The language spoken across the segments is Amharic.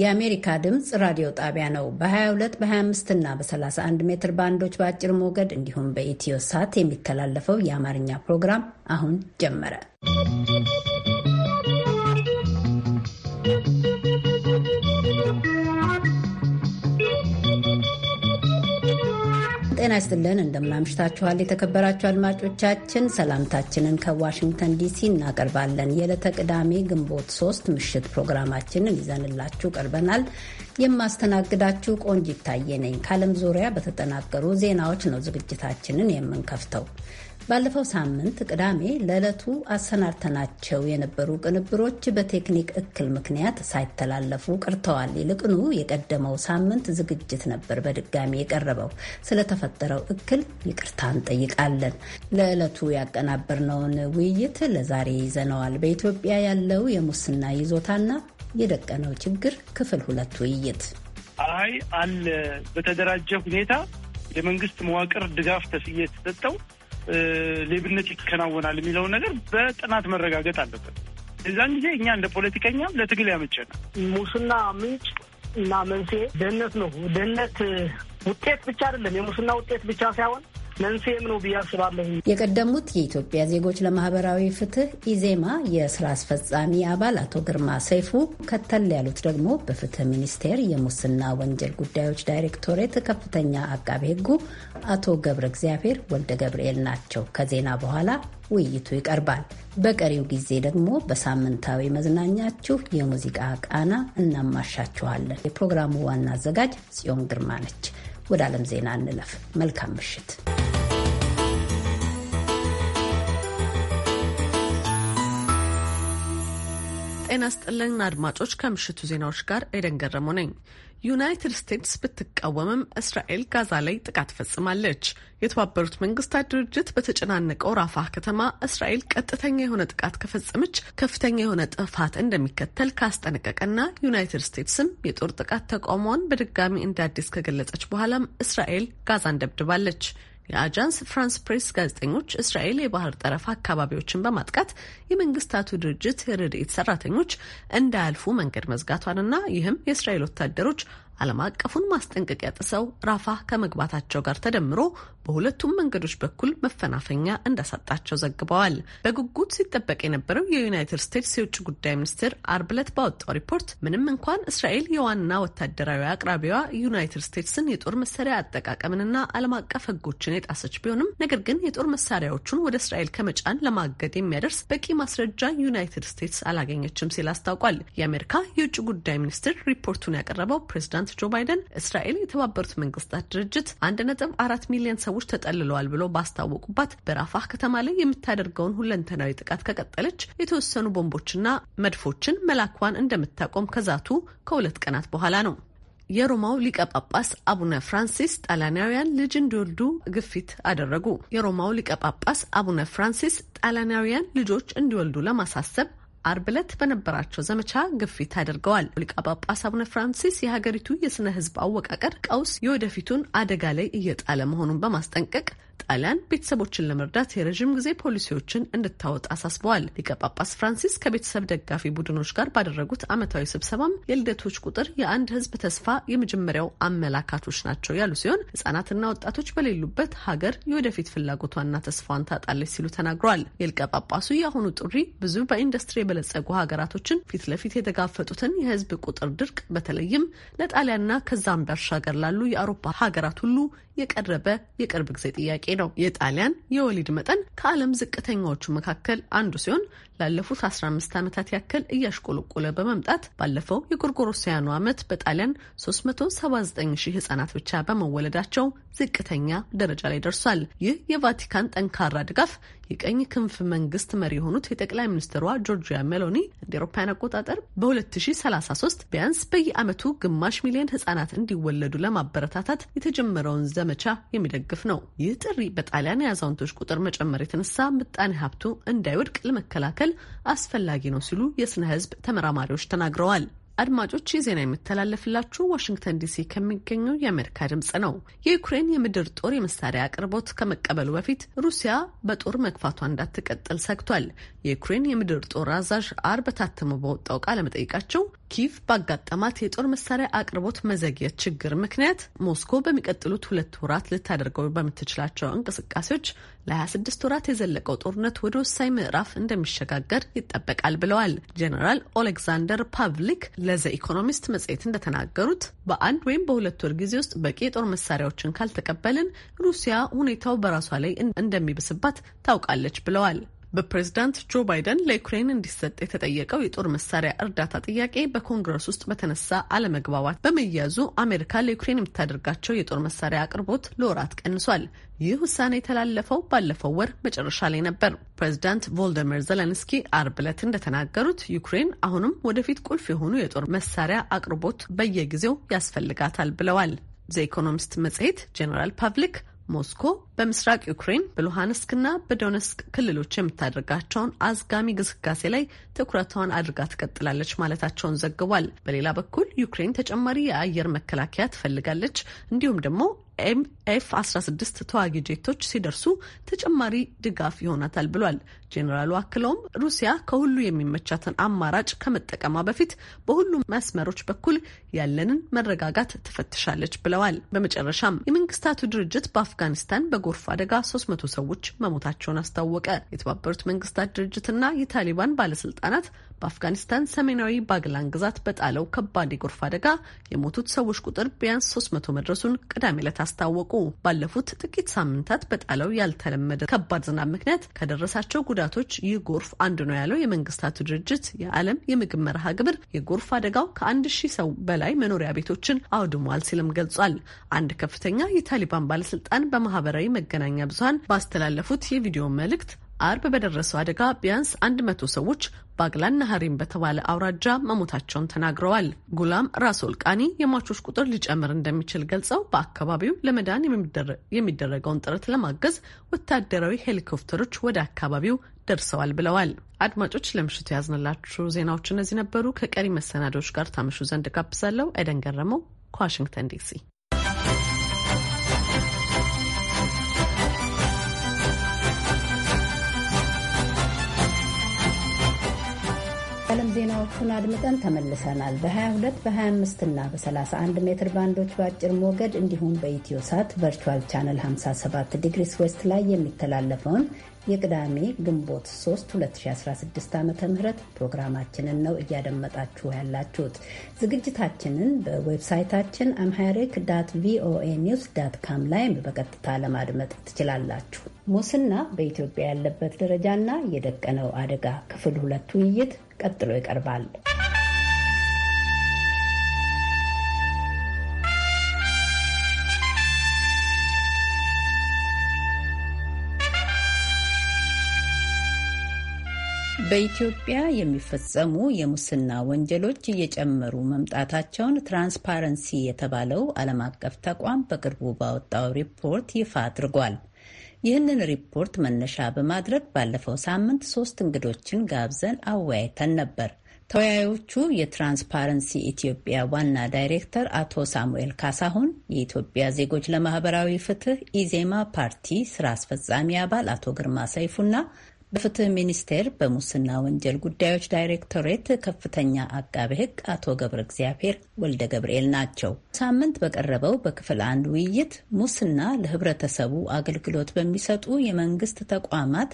የአሜሪካ ድምፅ ራዲዮ ጣቢያ ነው። በ22 በ25 እና በ31 ሜትር ባንዶች በአጭር ሞገድ እንዲሁም በኢትዮ ሳት የሚተላለፈው የአማርኛ ፕሮግራም አሁን ጀመረ። ጤና ይስጥልን እንደምናምሽታችኋል የተከበራችሁ አድማጮቻችን ሰላምታችንን ከዋሽንግተን ዲሲ እናቀርባለን የዕለተ ቅዳሜ ግንቦት ሶስት ምሽት ፕሮግራማችንን ይዘንላችሁ ቀርበናል የማስተናግዳችሁ ቆንጅ ይታየ ነኝ ከዓለም ዙሪያ በተጠናቀሩ ዜናዎች ነው ዝግጅታችንን የምንከፍተው ባለፈው ሳምንት ቅዳሜ ለዕለቱ አሰናድተናቸው የነበሩ ቅንብሮች በቴክኒክ እክል ምክንያት ሳይተላለፉ ቀርተዋል። ይልቅኑ የቀደመው ሳምንት ዝግጅት ነበር በድጋሚ የቀረበው። ስለተፈጠረው እክል ይቅርታ እንጠይቃለን። ለዕለቱ ያቀናበርነውን ውይይት ለዛሬ ይዘነዋል። በኢትዮጵያ ያለው የሙስና ይዞታና የደቀነው ችግር ክፍል ሁለት ውይይት አይ አለ በተደራጀ ሁኔታ የመንግስት መዋቅር ድጋፍ ተስዬ የተሰጠው ሌብነት ይከናወናል የሚለውን ነገር በጥናት መረጋገጥ አለበት። እዛን ጊዜ እኛ እንደ ፖለቲከኛም ለትግል ያመቸናል። ሙስና ምንጭ እና መንስኤ ድህነት ነው። ድህነት ውጤት ብቻ አይደለም፣ የሙስና ውጤት ብቻ ሳይሆን መንስኤም ነው ብዬ አስባለሁ። የቀደሙት የኢትዮጵያ ዜጎች ለማህበራዊ ፍትህ ኢዜማ የስራ አስፈጻሚ አባል አቶ ግርማ ሰይፉ፣ ከተል ያሉት ደግሞ በፍትህ ሚኒስቴር የሙስና ወንጀል ጉዳዮች ዳይሬክቶሬት ከፍተኛ አቃቤ ህጉ አቶ ገብረ እግዚአብሔር ወልደ ገብርኤል ናቸው። ከዜና በኋላ ውይይቱ ይቀርባል። በቀሪው ጊዜ ደግሞ በሳምንታዊ መዝናኛችሁ የሙዚቃ ቃና እናማሻችኋለን። የፕሮግራሙ ዋና አዘጋጅ ጽዮን ግርማ ነች። ወደ ዓለም ዜና እንለፍ። መልካም ምሽት። ጤና ስጥልን አድማጮች፣ ከምሽቱ ዜናዎች ጋር ኤደን ገረሙ ነኝ። ዩናይትድ ስቴትስ ብትቃወምም እስራኤል ጋዛ ላይ ጥቃት ፈጽማለች። የተባበሩት መንግስታት ድርጅት በተጨናነቀው ራፋ ከተማ እስራኤል ቀጥተኛ የሆነ ጥቃት ከፈጸመች ከፍተኛ የሆነ ጥፋት እንደሚከተል ካስጠነቀቀና ዩናይትድ ስቴትስም የጦር ጥቃት ተቃውሟን በድጋሚ እንደ አዲስ ከገለጸች በኋላም እስራኤል ጋዛን ደብድባለች። የአጃንስ ፍራንስ ፕሬስ ጋዜጠኞች እስራኤል የባህር ጠረፍ አካባቢዎችን በማጥቃት የመንግስታቱ ድርጅት ረድኤት ሰራተኞች እንዳያልፉ መንገድ መዝጋቷንና ይህም የእስራኤል ወታደሮች ዓለም አቀፉን ማስጠንቀቂያ ጥሰው ራፋ ከመግባታቸው ጋር ተደምሮ በሁለቱም መንገዶች በኩል መፈናፈኛ እንዳሳጣቸው ዘግበዋል። በጉጉት ሲጠበቅ የነበረው የዩናይትድ ስቴትስ የውጭ ጉዳይ ሚኒስቴር አርብ ዕለት ባወጣው ሪፖርት ምንም እንኳን እስራኤል የዋና ወታደራዊ አቅራቢዋ ዩናይትድ ስቴትስን የጦር መሳሪያ አጠቃቀምንና ዓለም አቀፍ ሕጎችን የጣሰች ቢሆንም ነገር ግን የጦር መሳሪያዎቹን ወደ እስራኤል ከመጫን ለማገድ የሚያደርስ በቂ ማስረጃ ዩናይትድ ስቴትስ አላገኘችም ሲል አስታውቋል። የአሜሪካ የውጭ ጉዳይ ሚኒስቴር ሪፖርቱን ያቀረበው ፕሬዚዳንት ጆ ባይደን እስራኤል የተባበሩት መንግስታት ድርጅት አንድ ነጥብ አራት ሚሊዮን ሰዎች ተጠልለዋል ብሎ ባስታወቁባት በራፋህ ከተማ ላይ የምታደርገውን ሁለንተናዊ ጥቃት ከቀጠለች የተወሰኑ ቦምቦችና መድፎችን መላኳን እንደምታቆም ከዛቱ ከሁለት ቀናት በኋላ ነው። የሮማው ሊቀ ጳጳስ አቡነ ፍራንሲስ ጣሊያናውያን ልጅ እንዲወልዱ ግፊት አደረጉ። የሮማው ሊቀ ጳጳስ አቡነ ፍራንሲስ ጣሊያናውያን ልጆች እንዲወልዱ ለማሳሰብ አርብ ዕለት በነበራቸው ዘመቻ ግፊት አድርገዋል። ሊቀ ጳጳስ አቡነ ፍራንሲስ የሀገሪቱ የስነ ህዝብ አወቃቀር ቀውስ የወደፊቱን አደጋ ላይ እየጣለ መሆኑን በማስጠንቀቅ ጣሊያን ቤተሰቦችን ለመርዳት የረዥም ጊዜ ፖሊሲዎችን እንድታወጥ አሳስበዋል። ሊቀ ጳጳስ ፍራንሲስ ከቤተሰብ ደጋፊ ቡድኖች ጋር ባደረጉት ዓመታዊ ስብሰባም የልደቶች ቁጥር የአንድ ሕዝብ ተስፋ የመጀመሪያው አመላካቶች ናቸው ያሉ ሲሆን ሕጻናትና ወጣቶች በሌሉበት ሀገር የወደፊት ፍላጎቷና ተስፋዋን ታጣለች ሲሉ ተናግረዋል። የሊቀ ጳጳሱ የአሁኑ ጥሪ ብዙ በኢንዱስትሪ የበለጸጉ ሀገራቶችን ፊት ለፊት የተጋፈጡትን የህዝብ ቁጥር ድርቅ በተለይም ለጣሊያንና ከዛም ባሻገር ላሉ የአውሮፓ ሀገራት ሁሉ የቀረበ የቅርብ ጊዜ ጥያቄ ነው። የጣሊያን የወሊድ መጠን ከዓለም ዝቅተኛዎቹ መካከል አንዱ ሲሆን ላለፉት 15 ዓመታት ያክል እያሽቆለቆለ በመምጣት ባለፈው የጎርጎሮሳውያኑ ዓመት በጣሊያን 379 ሺህ ህጻናት ብቻ በመወለዳቸው ዝቅተኛ ደረጃ ላይ ደርሷል። ይህ የቫቲካን ጠንካራ ድጋፍ የቀኝ ክንፍ መንግስት መሪ የሆኑት የጠቅላይ ሚኒስትሯ ጆርጂያ ሜሎኒ እንደ አውሮፓውያን አቆጣጠር በ2033 ቢያንስ በየዓመቱ ግማሽ ሚሊዮን ህጻናት እንዲወለዱ ለማበረታታት የተጀመረውን ዘመቻ የሚደግፍ ነው። ይህ ጥሪ በጣሊያን የአዛውንቶች ቁጥር መጨመር የተነሳ ምጣኔ ሀብቱ እንዳይወድቅ ለመከላከል አስፈላጊ ነው ሲሉ የስነ ህዝብ ተመራማሪዎች ተናግረዋል። አድማጮች ይህ ዜና የሚተላለፍላችሁ ዋሽንግተን ዲሲ ከሚገኘው የአሜሪካ ድምጽ ነው። የዩክሬን የምድር ጦር የመሳሪያ አቅርቦት ከመቀበሉ በፊት ሩሲያ በጦር መግፋቷ እንዳትቀጥል ሰግቷል። የዩክሬን የምድር ጦር አዛዥ አርብ ታትሞ በወጣው ቃለመጠይቃቸው ኪቭ ባጋጠማት የጦር መሳሪያ አቅርቦት መዘግየት ችግር ምክንያት ሞስኮ በሚቀጥሉት ሁለት ወራት ልታደርገው በምትችላቸው እንቅስቃሴዎች ለ26 ወራት የዘለቀው ጦርነት ወደ ወሳኝ ምዕራፍ እንደሚሸጋገር ይጠበቃል ብለዋል። ጀኔራል ኦሌክዛንደር ፓቭሊክ ለዘ ኢኮኖሚስት መጽሔት እንደተናገሩት በአንድ ወይም በሁለት ወር ጊዜ ውስጥ በቂ የጦር መሳሪያዎችን ካልተቀበልን ሩሲያ ሁኔታው በራሷ ላይ እንደሚብስባት ታውቃለች ብለዋል። በፕሬዝዳንት ጆ ባይደን ለዩክሬን እንዲሰጥ የተጠየቀው የጦር መሳሪያ እርዳታ ጥያቄ በኮንግረስ ውስጥ በተነሳ አለመግባባት በመያዙ አሜሪካ ለዩክሬን የምታደርጋቸው የጦር መሳሪያ አቅርቦት ለወራት ቀንሷል። ይህ ውሳኔ የተላለፈው ባለፈው ወር መጨረሻ ላይ ነበር። ፕሬዚዳንት ቮልደሚር ዘለንስኪ አርብ ዕለት እንደተናገሩት ዩክሬን አሁንም ወደፊት ቁልፍ የሆኑ የጦር መሳሪያ አቅርቦት በየጊዜው ያስፈልጋታል ብለዋል። ዘኢኮኖሚስት መጽሔት ጄኔራል ፓብሊክ ሞስኮ በምስራቅ ዩክሬን በሉሃንስክና በዶነስክ ክልሎች የምታደርጋቸውን አዝጋሚ ግስጋሴ ላይ ትኩረቷን አድርጋ ትቀጥላለች ማለታቸውን ዘግቧል። በሌላ በኩል ዩክሬን ተጨማሪ የአየር መከላከያ ትፈልጋለች፣ እንዲሁም ደግሞ ኤምኤፍ 16 ተዋጊ ጄቶች ሲደርሱ ተጨማሪ ድጋፍ ይሆናታል ብሏል። ጄኔራሉ አክለውም ሩሲያ ከሁሉ የሚመቻትን አማራጭ ከመጠቀሟ በፊት በሁሉም መስመሮች በኩል ያለንን መረጋጋት ትፈትሻለች ብለዋል። በመጨረሻም የመንግስታቱ ድርጅት በአፍጋኒስታን በጎርፍ አደጋ 300 ሰዎች መሞታቸውን አስታወቀ። የተባበሩት መንግስታት ድርጅትና የታሊባን ባለስልጣናት በአፍጋኒስታን ሰሜናዊ ባግላን ግዛት በጣለው ከባድ የጎርፍ አደጋ የሞቱት ሰዎች ቁጥር ቢያንስ 300 መድረሱን ቅዳሜ ዕለት አስታወቁ። ባለፉት ጥቂት ሳምንታት በጣለው ያልተለመደ ከባድ ዝናብ ምክንያት ከደረሳቸው ጉዳቶች ይህ ጎርፍ አንዱ ነው ያለው የመንግስታቱ ድርጅት የዓለም የምግብ መርሃ ግብር የጎርፍ አደጋው ከአንድ ሺህ ሰው በላይ መኖሪያ ቤቶችን አውድሟል ሲልም ገልጿል። አንድ ከፍተኛ የታሊባን ባለስልጣን በማህበራዊ መገናኛ ብዙሀን ባስተላለፉት የቪዲዮ መልእክት አርብ በደረሰው አደጋ ቢያንስ 100 ሰዎች ባግላን ናሃሪም በተባለ አውራጃ መሞታቸውን ተናግረዋል። ጉላም ራስ ወልቃኒ የሟቾች ቁጥር ሊጨምር እንደሚችል ገልጸው በአካባቢው ለመዳን የሚደረገውን ጥረት ለማገዝ ወታደራዊ ሄሊኮፕተሮች ወደ አካባቢው ደርሰዋል ብለዋል። አድማጮች ለምሽቱ የያዝንላችሁ ዜናዎች እነዚህ ነበሩ። ከቀሪ መሰናዶዎች ጋር ታምሹ ዘንድ ጋብዛለሁ። አይደን ገረመው ከዋሽንግተን ዲሲ ዜናዎቹን አድምጠን ተመልሰናል። በ22 በ25 እና በ31 ሜትር ባንዶች በአጭር ሞገድ እንዲሁም በኢትዮ ሳት ቨርቹዋል ቻነል 57 ዲግሪስ ዌስት ላይ የሚተላለፈውን የቅዳሜ ግንቦት 3 2016 ዓ ም ፕሮግራማችንን ነው እያደመጣችሁ ያላችሁት። ዝግጅታችንን በዌብሳይታችን አምሃሪክ ዳት ቪኦኤ ኒውስ ዳት ካም ላይ በቀጥታ ለማድመጥ ትችላላችሁ። ሙስና በኢትዮጵያ ያለበት ደረጃና የደቀነው አደጋ ክፍል ሁለት ውይይት ቀጥሎ ይቀርባል። በኢትዮጵያ የሚፈጸሙ የሙስና ወንጀሎች እየጨመሩ መምጣታቸውን ትራንስፓረንሲ የተባለው ዓለም አቀፍ ተቋም በቅርቡ ባወጣው ሪፖርት ይፋ አድርጓል። ይህንን ሪፖርት መነሻ በማድረግ ባለፈው ሳምንት ሶስት እንግዶችን ጋብዘን አወያይተን ነበር። ተወያዮቹ የትራንስፓረንሲ ኢትዮጵያ ዋና ዳይሬክተር አቶ ሳሙኤል ካሳሁን፣ የኢትዮጵያ ዜጎች ለማህበራዊ ፍትህ ኢዜማ ፓርቲ ስራ አስፈጻሚ አባል አቶ ግርማ ሰይፉና በፍትህ ሚኒስቴር በሙስና ወንጀል ጉዳዮች ዳይሬክቶሬት ከፍተኛ አቃቤ ሕግ አቶ ገብረ እግዚአብሔር ወልደ ገብርኤል ናቸው። ሳምንት በቀረበው በክፍል አንድ ውይይት ሙስና ለህብረተሰቡ አገልግሎት በሚሰጡ የመንግስት ተቋማት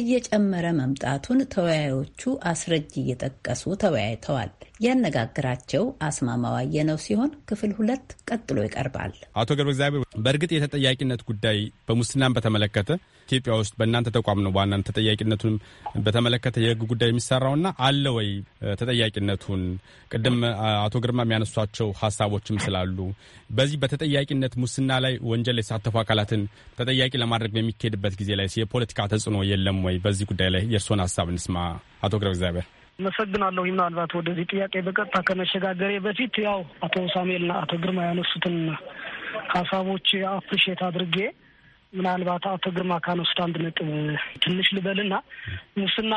እየጨመረ መምጣቱን ተወያዮቹ አስረጅ እየጠቀሱ ተወያይተዋል። ያነጋግራቸው አስማማው አየነው ሲሆን ክፍል ሁለት ቀጥሎ ይቀርባል። አቶ ገብረ እግዚአብሔር፣ በእርግጥ የተጠያቂነት ጉዳይ በሙስናን በተመለከተ ኢትዮጵያ ውስጥ በእናንተ ተቋም ነው በዋናነት ተጠያቂነቱን በተመለከተ የህግ ጉዳይ የሚሰራውና አለ ወይ ተጠያቂነቱን ቅድም አቶ ግርማ የሚያነሷቸው ሀሳቦችም ስላሉ በዚህ በተጠያቂነት ሙስና ላይ ወንጀል የተሳተፉ አካላትን ተጠያቂ ለማድረግ በሚካሄድበት ጊዜ ላይ የፖለቲካ ተጽዕኖ የለም ወይ? በዚህ ጉዳይ ላይ የእርስዎን ሀሳብ እንስማ። አቶ ግረብ እግዚአብሔር አመሰግናለሁ። ምናልባት ወደዚህ ጥያቄ በቀጥታ ከመሸጋገሬ በፊት ያው አቶ ሳሙኤልና አቶ ግርማ ያነሱትን ሀሳቦች አፕሪሼት አድርጌ ምናልባት አቶ ግርማ ካነሱት አንድ ነጥብ ትንሽ ልበልና ሙስና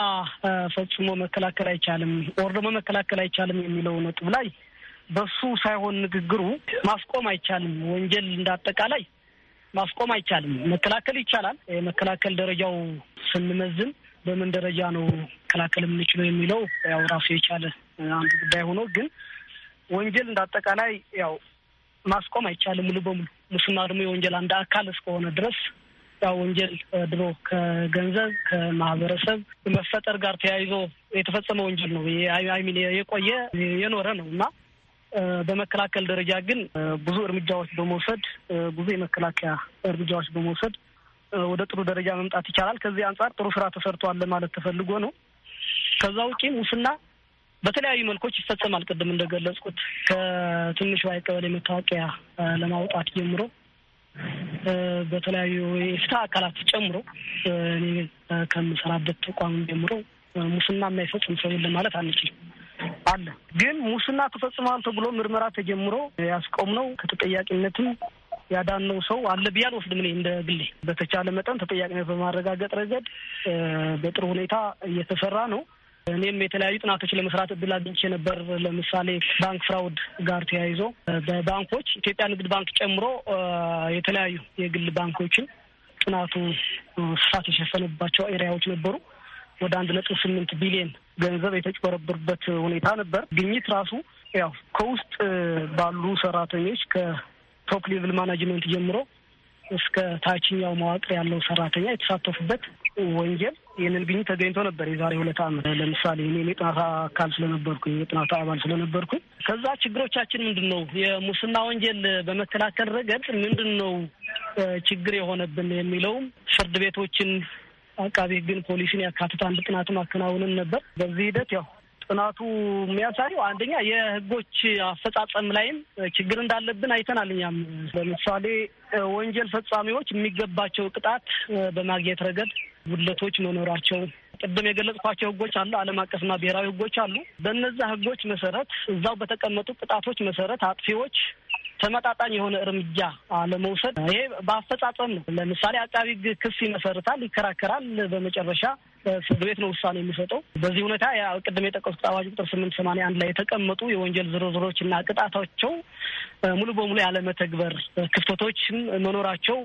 ፈጽሞ መከላከል አይቻልም ኦር ደግሞ መከላከል አይቻልም የሚለው ነጥብ ላይ በሱ ሳይሆን ንግግሩ ማስቆም አይቻልም። ወንጀል እንዳጠቃላይ ማስቆም አይቻልም፣ መከላከል ይቻላል። የመከላከል ደረጃው ስንመዝን በምን ደረጃ ነው መከላከል የምንችለው የሚለው ያው ራሱ የቻለ አንዱ ጉዳይ ሆኖ ግን ወንጀል እንደ አጠቃላይ ያው ማስቆም አይቻልም ሙሉ በሙሉ። ሙስና ደግሞ የወንጀል አንድ አካል እስከሆነ ድረስ ያው ወንጀል ድሮ ከገንዘብ ከማህበረሰብ መፈጠር ጋር ተያይዞ የተፈጸመ ወንጀል ነው ሚን የቆየ የኖረ ነው እና በመከላከል ደረጃ ግን ብዙ እርምጃዎች በመውሰድ ብዙ የመከላከያ እርምጃዎች በመውሰድ ወደ ጥሩ ደረጃ መምጣት ይቻላል። ከዚህ አንጻር ጥሩ ስራ ተሰርቷል ለማለት ተፈልጎ ነው። ከዛ ውጪ ሙስና በተለያዩ መልኮች ይፈጸማል። ቅድም እንደገለጽኩት ከትንሽ ዋይ ቀበሌ መታወቂያ ለማውጣት ጀምሮ በተለያዩ የፍትህ አካላት ጨምሮ እኔ ከምሰራበት ተቋም ጀምሮ ሙስና የማይፈጽም ሰው የለም ማለት አንችልም። አለ ግን ሙስና ተፈጽመዋል ተብሎ ምርመራ ተጀምሮ ያስቆምነው ከተጠያቂነትም ያዳነው ሰው አለ ብዬ አልወስድም። እኔ እንደ ግሌ በተቻለ መጠን ተጠያቂነት በማረጋገጥ ረገድ በጥሩ ሁኔታ እየተሰራ ነው። እኔም የተለያዩ ጥናቶች ለመስራት እድል አግኝቼ ነበር። ለምሳሌ ባንክ ፍራውድ ጋር ተያይዞ በባንኮች ኢትዮጵያ ንግድ ባንክ ጨምሮ የተለያዩ የግል ባንኮችን ጥናቱ ስፋት የሸፈነባቸው ኤሪያዎች ነበሩ። ወደ አንድ ነጥብ ስምንት ቢሊዮን ገንዘብ የተጭበረበሩበት ሁኔታ ነበር። ግኝት ራሱ ያው ከውስጥ ባሉ ሰራተኞች ቶፕ ሌቭል ማናጅመንት ጀምሮ እስከ ታችኛው መዋቅር ያለው ሰራተኛ የተሳተፉበት ወንጀል ይህንን ግኝ ተገኝቶ ነበር። የዛሬ ሁለት ዓመት ለምሳሌ እኔም የጥናት አካል ስለነበርኩኝ የጥናት አባል ስለነበርኩኝ ከዛ ችግሮቻችን ምንድን ነው የሙስና ወንጀል በመከላከል ረገድ ምንድን ነው ችግር የሆነብን የሚለውም ፍርድ ቤቶችን፣ አቃቤ ሕግን፣ ፖሊስን ያካትት አንድ ጥናትም አከናውንን ነበር። በዚህ ሂደት ያው ጥናቱ የሚያሳየው አንደኛ የህጎች አፈጻጸም ላይም ችግር እንዳለብን አይተናል። እኛም ለምሳሌ ወንጀል ፈጻሚዎች የሚገባቸው ቅጣት በማግኘት ረገድ ጉድለቶች መኖራቸው ቅድም የገለጽኳቸው ህጎች አሉ። ዓለም አቀፍና ብሔራዊ ህጎች አሉ። በነዛ ህጎች መሰረት እዛው በተቀመጡ ቅጣቶች መሰረት አጥፊዎች ተመጣጣኝ የሆነ እርምጃ አለመውሰድ፣ ይሄ በአፈጻጸም ነው። ለምሳሌ አቃቢ ህግ ክስ ይመሰርታል፣ ይከራከራል። በመጨረሻ ፍርድ ቤት ነው ውሳኔ የሚሰጠው። በዚህ ሁኔታ ቅድም የጠቀስኩት አዋጅ ቁጥር ስምንት ሰማንያ አንድ ላይ የተቀመጡ የወንጀል ዝርዝሮች እና ቅጣታቸው ሙሉ በሙሉ ያለመተግበር ክፍተቶችም መኖራቸው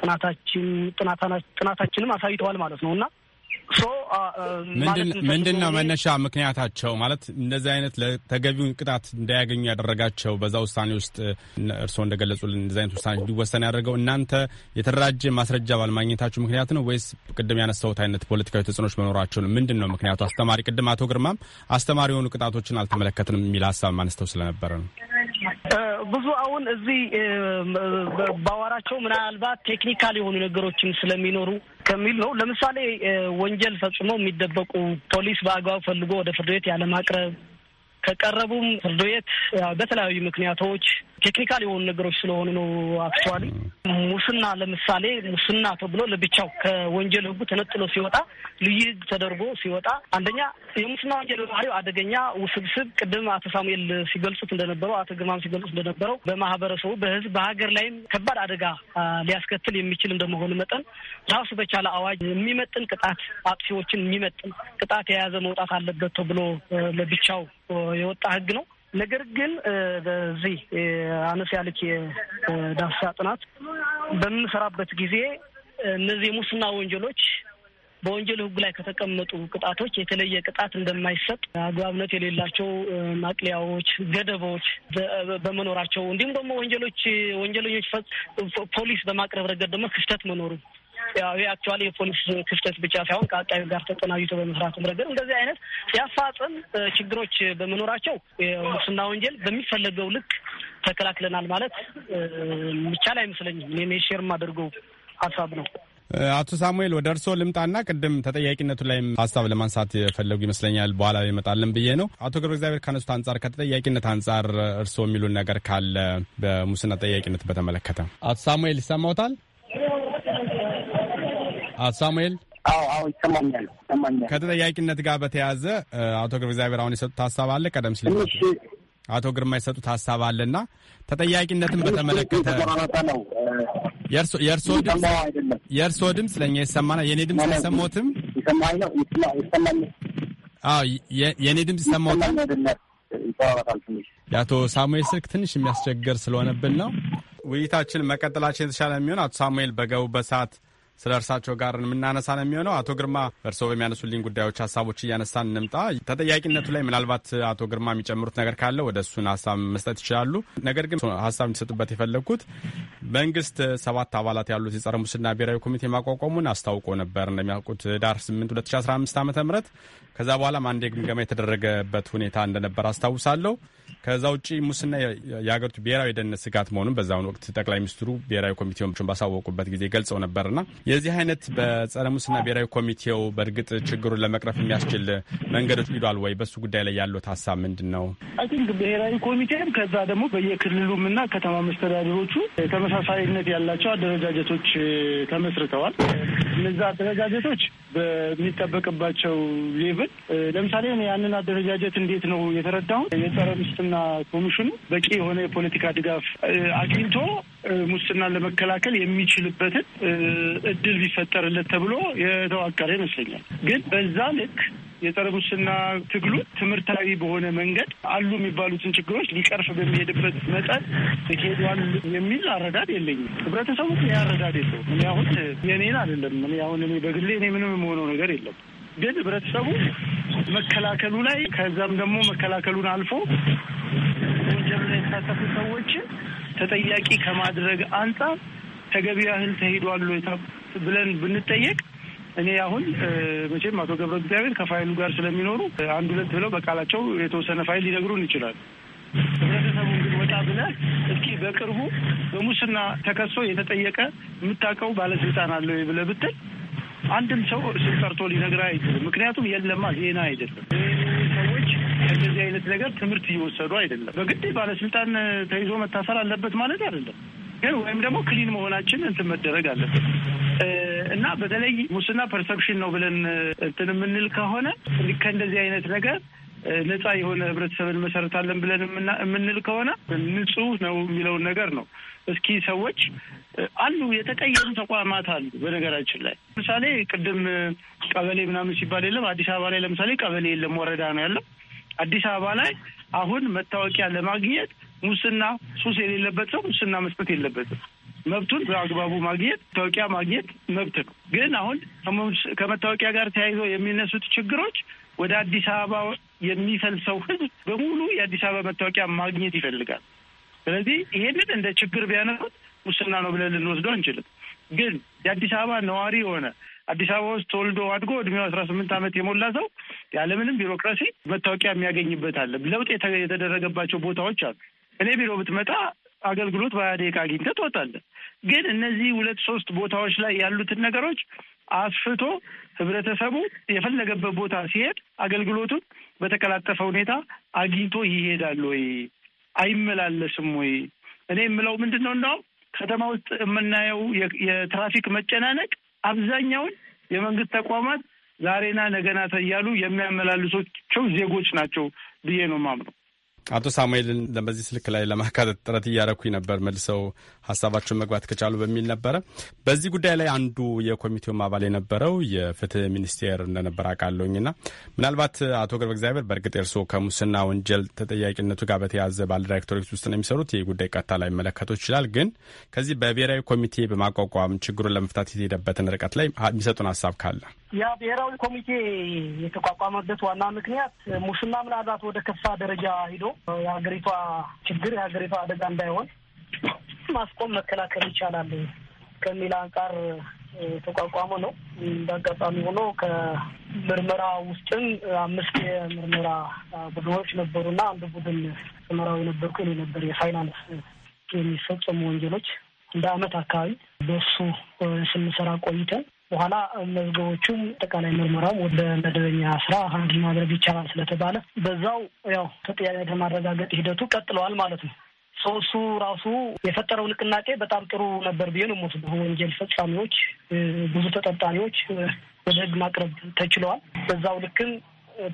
ጥናታችን ጥናታችንም አሳይተዋል ማለት ነው እና ምንድን ነው መነሻ ምክንያታቸው? ማለት እንደዚህ አይነት ለተገቢው ቅጣት እንዳያገኙ ያደረጋቸው በዛ ውሳኔ ውስጥ እርስዎ እንደገለጹልን እንደዚህ አይነት ውሳኔ እንዲወሰን ያደረገው እናንተ የተደራጀ ማስረጃ ባለማግኘታቸው ምክንያት ነው ወይስ ቅድም ያነሳሁት አይነት ፖለቲካዊ ተጽዕኖች መኖራቸው ነው? ምንድን ነው ምክንያቱ? አስተማሪ ቅድም አቶ ግርማም አስተማሪ የሆኑ ቅጣቶችን አልተመለከትንም የሚል ሀሳብ አነስተው ስለነበረ ነው። ብዙ አሁን እዚህ ባወራቸው ምናልባት ቴክኒካል የሆኑ ነገሮችም ስለሚኖሩ ከሚል ነው። ለምሳሌ ወንጀል ፈጽመው የሚደበቁ ፖሊስ በአግባብ ፈልጎ ወደ ፍርድ ቤት ያለማቅረብ ከቀረቡም ፍርድ ቤት በተለያዩ ምክንያቶች ቴክኒካል የሆኑ ነገሮች ስለሆኑ ነው። አክቹዋሊ ሙስና ለምሳሌ ሙስና ተብሎ ለብቻው ከወንጀል ህጉ ተነጥሎ ሲወጣ ልዩ ህግ ተደርጎ ሲወጣ አንደኛ የሙስና ወንጀል ባህሪው አደገኛ፣ ውስብስብ ቅድም አቶ ሳሙኤል ሲገልጹት እንደነበረው አቶ ግርማም ሲገልጹት እንደነበረው በማህበረሰቡ በህዝብ በሀገር ላይም ከባድ አደጋ ሊያስከትል የሚችል እንደመሆኑ መጠን ራሱ በቻለ አዋጅ የሚመጥን ቅጣት አጥፊዎችን የሚመጥን ቅጣት የያዘ መውጣት አለበት ተብሎ ለብቻው የወጣ ህግ ነው። ነገር ግን በዚህ አነስ ያለች የዳሰሳ ጥናት በምንሰራበት ጊዜ እነዚህ የሙስና ወንጀሎች በወንጀል ሕጉ ላይ ከተቀመጡ ቅጣቶች የተለየ ቅጣት እንደማይሰጥ አግባብነት የሌላቸው ማቅለያዎች፣ ገደቦች በመኖራቸው እንዲሁም ደግሞ ወንጀሎች ወንጀለኞች ፖሊስ በማቅረብ ረገድ ደግሞ ክፍተት መኖሩ ይህ አክቹዋሊ የፖሊስ ክፍተት ብቻ ሳይሆን ከአቃቢ ጋር ተጠናጅቶ በመስራት ረገድ እንደዚህ አይነት ሲያፋጥን ችግሮች በመኖራቸው የሙስና ወንጀል በሚፈለገው ልክ ተከላክለናል ማለት የሚቻል አይመስለኝም። እኔም ሼር የማደርገው ሀሳብ ነው። አቶ ሳሙኤል ወደ እርስዎ ልምጣና ቅድም ተጠያቂነቱ ላይም ሀሳብ ለማንሳት የፈለጉ ይመስለኛል። በኋላ ይመጣለን ብዬ ነው። አቶ ገብረ እግዚአብሔር ከነሱት አንጻር ከተጠያቂነት አንጻር እርስዎ የሚሉን ነገር ካለ በሙስና ተጠያቂነት በተመለከተ አቶ ሳሙኤል ይሰማውታል? ሳሙኤል? አዎ አዎ ይሰማኛል ይሰማኛል። ከተጠያቂነት ጋር በተያያዘ አቶ ግርማ እግዚአብሔር አሁን የሰጡት ሀሳብ አለ። ቀደም ሲል አቶ ግርማ የሰጡት ሀሳብ አለና ተጠያቂነትን በተመለከተ ነው የእርስዎ ድምፅ ለእኛ ይሰማና የእኔ ድምፅ አይሰማዎትም? አዎ የእኔ ድምፅ ይሰማዎታል? የአቶ ሳሙኤል ስልክ ትንሽ የሚያስቸግር ስለሆነብን ነው። ውይይታችን መቀጠላችን የተሻለ የሚሆን አቶ ሳሙኤል በገቡበት ሰዓት ስለ እርሳቸው ጋር የምናነሳ ነው የሚሆነው። አቶ ግርማ እርስዎ በሚያነሱልኝ ጉዳዮች ሀሳቦች እያነሳን እንምጣ። ተጠያቂነቱ ላይ ምናልባት አቶ ግርማ የሚጨምሩት ነገር ካለ ወደ እሱን ሀሳብ መስጠት ይችላሉ። ነገር ግን ሀሳብ እንዲሰጡበት የፈለግኩት መንግስት ሰባት አባላት ያሉት የጸረ ሙስና ብሔራዊ ኮሚቴ ማቋቋሙን አስታውቆ ነበር እንደሚያውቁት ዳር 8 2015 ዓ ም ከዛ በኋላም አንድ የግምገማ የተደረገበት ሁኔታ እንደነበር አስታውሳለሁ። ከዛ ውጭ ሙስና የሀገሪቱ ብሔራዊ የደህንነት ስጋት መሆኑን በዛውን ወቅት ጠቅላይ ሚኒስትሩ ብሔራዊ ኮሚቴዎችን ባሳወቁበት ጊዜ ገልጸው ነበርና የዚህ አይነት በጸረ ሙስና ብሔራዊ ኮሚቴው በእርግጥ ችግሩን ለመቅረፍ የሚያስችል መንገዶች ሂዷል ወይ? በሱ ጉዳይ ላይ ያለት ሀሳብ ምንድን ነው? አይ ቲንክ ብሔራዊ ኮሚቴም ከዛ ደግሞ በየክልሉም እና ከተማ መስተዳድሮቹ ተመሳሳይነት ያላቸው አደረጃጀቶች ተመስርተዋል። እነዛ አደረጃጀቶች በሚጠበቅባቸው ሌቭል ለምሳሌ ያንን አደረጃጀት እንዴት ነው የተረዳሁት የጸረ ሙስና ሙስና ኮሚሽኑ በቂ የሆነ የፖለቲካ ድጋፍ አግኝቶ ሙስናን ለመከላከል የሚችልበትን እድል ቢፈጠርለት ተብሎ የተዋቀረ ይመስለኛል። ግን በዛ ልክ የጸረ ሙስና ትግሉ ትምህርታዊ በሆነ መንገድ አሉ የሚባሉትን ችግሮች ሊቀርፍ በሚሄድበት መጠን ሄዷል የሚል አረዳድ የለኝም። ህብረተሰቡ አረዳድ የለውም። እኔ አሁን የኔን አይደለም። እኔ አሁን እኔ በግሌ እኔ ምንም የምሆነው ነገር የለም። ግን ህብረተሰቡ መከላከሉ ላይ ከዛም ደግሞ መከላከሉን አልፎ ወንጀሉ ላይ የተሳተፉ ሰዎችን ተጠያቂ ከማድረግ አንጻር ተገቢ ያህል ተሄዷል ብለን ብንጠየቅ እኔ አሁን መቼም አቶ ገብረ እግዚአብሔር ከፋይሉ ጋር ስለሚኖሩ አንድ ሁለት ብለው በቃላቸው የተወሰነ ፋይል ሊነግሩን ይችላል። ህብረተሰቡ ግን ወጣ ብለህ እስኪ በቅርቡ በሙስና ተከሶ የተጠየቀ የምታውቀው ባለስልጣን አለው ብለህ ብትል አንድም ሰው እሱን ጠርቶ ሊነግር አይችልም። ምክንያቱም የለማ ዜና አይደለም። ሰዎች ከእንደዚህ አይነት ነገር ትምህርት እየወሰዱ አይደለም። በግድ ባለስልጣን ተይዞ መታሰር አለበት ማለት አይደለም። ግን ወይም ደግሞ ክሊን መሆናችን እንትን መደረግ አለበት እና በተለይ ሙስና ፐርሰፕሽን ነው ብለን እንትን የምንል ከሆነ ከእንደዚህ አይነት ነገር ነፃ የሆነ ህብረተሰብን መሰረታለን ብለን የምንል ከሆነ ንጹህ ነው የሚለውን ነገር ነው። እስኪ ሰዎች አሉ የተቀየሩ ተቋማት አሉ። በነገራችን ላይ ለምሳሌ ቅድም ቀበሌ ምናምን ሲባል የለም አዲስ አበባ ላይ ለምሳሌ ቀበሌ የለም፣ ወረዳ ነው ያለው። አዲስ አበባ ላይ አሁን መታወቂያ ለማግኘት ሙስና ሱስ የሌለበት ሰው ሙስና መስጠት የለበትም። መብቱን በአግባቡ ማግኘት መታወቂያ ማግኘት መብት ነው። ግን አሁን ከመታወቂያ ጋር ተያይዘው የሚነሱት ችግሮች ወደ አዲስ አበባ የሚፈልሰው ሕዝብ በሙሉ የአዲስ አበባ መታወቂያ ማግኘት ይፈልጋል። ስለዚህ ይሄንን እንደ ችግር ቢያነሱት ሙስና ነው ብለን ልንወስደው አንችልም። ግን የአዲስ አበባ ነዋሪ የሆነ አዲስ አበባ ውስጥ ተወልዶ አድጎ እድሜው አስራ ስምንት ዓመት የሞላ ሰው ያለምንም ቢሮክራሲ መታወቂያ የሚያገኝበት አለ። ለውጥ የተደረገባቸው ቦታዎች አሉ። እኔ ቢሮ ብትመጣ አገልግሎት በሀያ አግኝተህ ትወጣለህ። ግን እነዚህ ሁለት ሶስት ቦታዎች ላይ ያሉትን ነገሮች አስፍቶ ህብረተሰቡ የፈለገበት ቦታ ሲሄድ አገልግሎቱን በተቀላጠፈ ሁኔታ አግኝቶ ይሄዳል ወይ አይመላለስም ወይ? እኔ የምለው ምንድን ነው እንደውም ከተማ ውስጥ የምናየው የትራፊክ መጨናነቅ አብዛኛውን የመንግስት ተቋማት ዛሬና ነገናት እያሉ የሚያመላልሶቸው ዜጎች ናቸው ብዬ ነው የማምነው። አቶ ሳሙኤልን በዚህ ስልክ ላይ ለማካተት ጥረት እያደረኩኝ ነበር። መልሰው ሀሳባቸውን መግባት ከቻሉ በሚል ነበረ። በዚህ ጉዳይ ላይ አንዱ የኮሚቴውም አባል የነበረው የፍትህ ሚኒስቴር እንደነበር አውቃለሁኝና ምናልባት አቶ ገብረ እግዚአብሔር በእርግጥ እርስዎ ከሙስና ወንጀል ተጠያቂነቱ ጋር በተያያዘ ባለ ዳይሬክቶሬት ውስጥ ነው የሚሰሩት። ይህ ጉዳይ ቀጥታ ላይ መለከቶ ይችላል። ግን ከዚህ በብሔራዊ ኮሚቴ በማቋቋም ችግሩን ለመፍታት የተሄደበትን ርቀት ላይ የሚሰጡን ሀሳብ ካለ ያ ብሔራዊ ኮሚቴ የተቋቋመበት ዋና ምክንያት ሙስና ምናልባት ወደ ከፋ ደረጃ ሂዶ የሀገሪቷ ችግር የሀገሪቷ አደጋ እንዳይሆን ማስቆም መከላከል ይቻላል ከሚል አንጻር የተቋቋመ ነው። እንዳጋጣሚ ሆኖ ከምርመራ ውስጥም አምስት የምርመራ ቡድኖች ነበሩና አንድ ቡድን ምርመራው የነበርኩ እኔ ነበር። የፋይናንስ የሚፈጸሙ ወንጀሎች እንደ አመት አካባቢ በሱ ስንሰራ ቆይተን በኋላ መዝገቦቹም አጠቃላይ ምርመራው ወደ መደበኛ ስራ አንድ ማድረግ ይቻላል ስለተባለ በዛው ያው ተጠያቂነት ማረጋገጥ ሂደቱ ቀጥለዋል ማለት ነው። ሰውሱ ራሱ የፈጠረው ንቅናቄ በጣም ጥሩ ነበር ብዬ ነው የምወስደው። ወንጀል ፈጻሚዎች፣ ብዙ ተጠርጣሪዎች ወደ ህግ ማቅረብ ተችለዋል። በዛው ልክም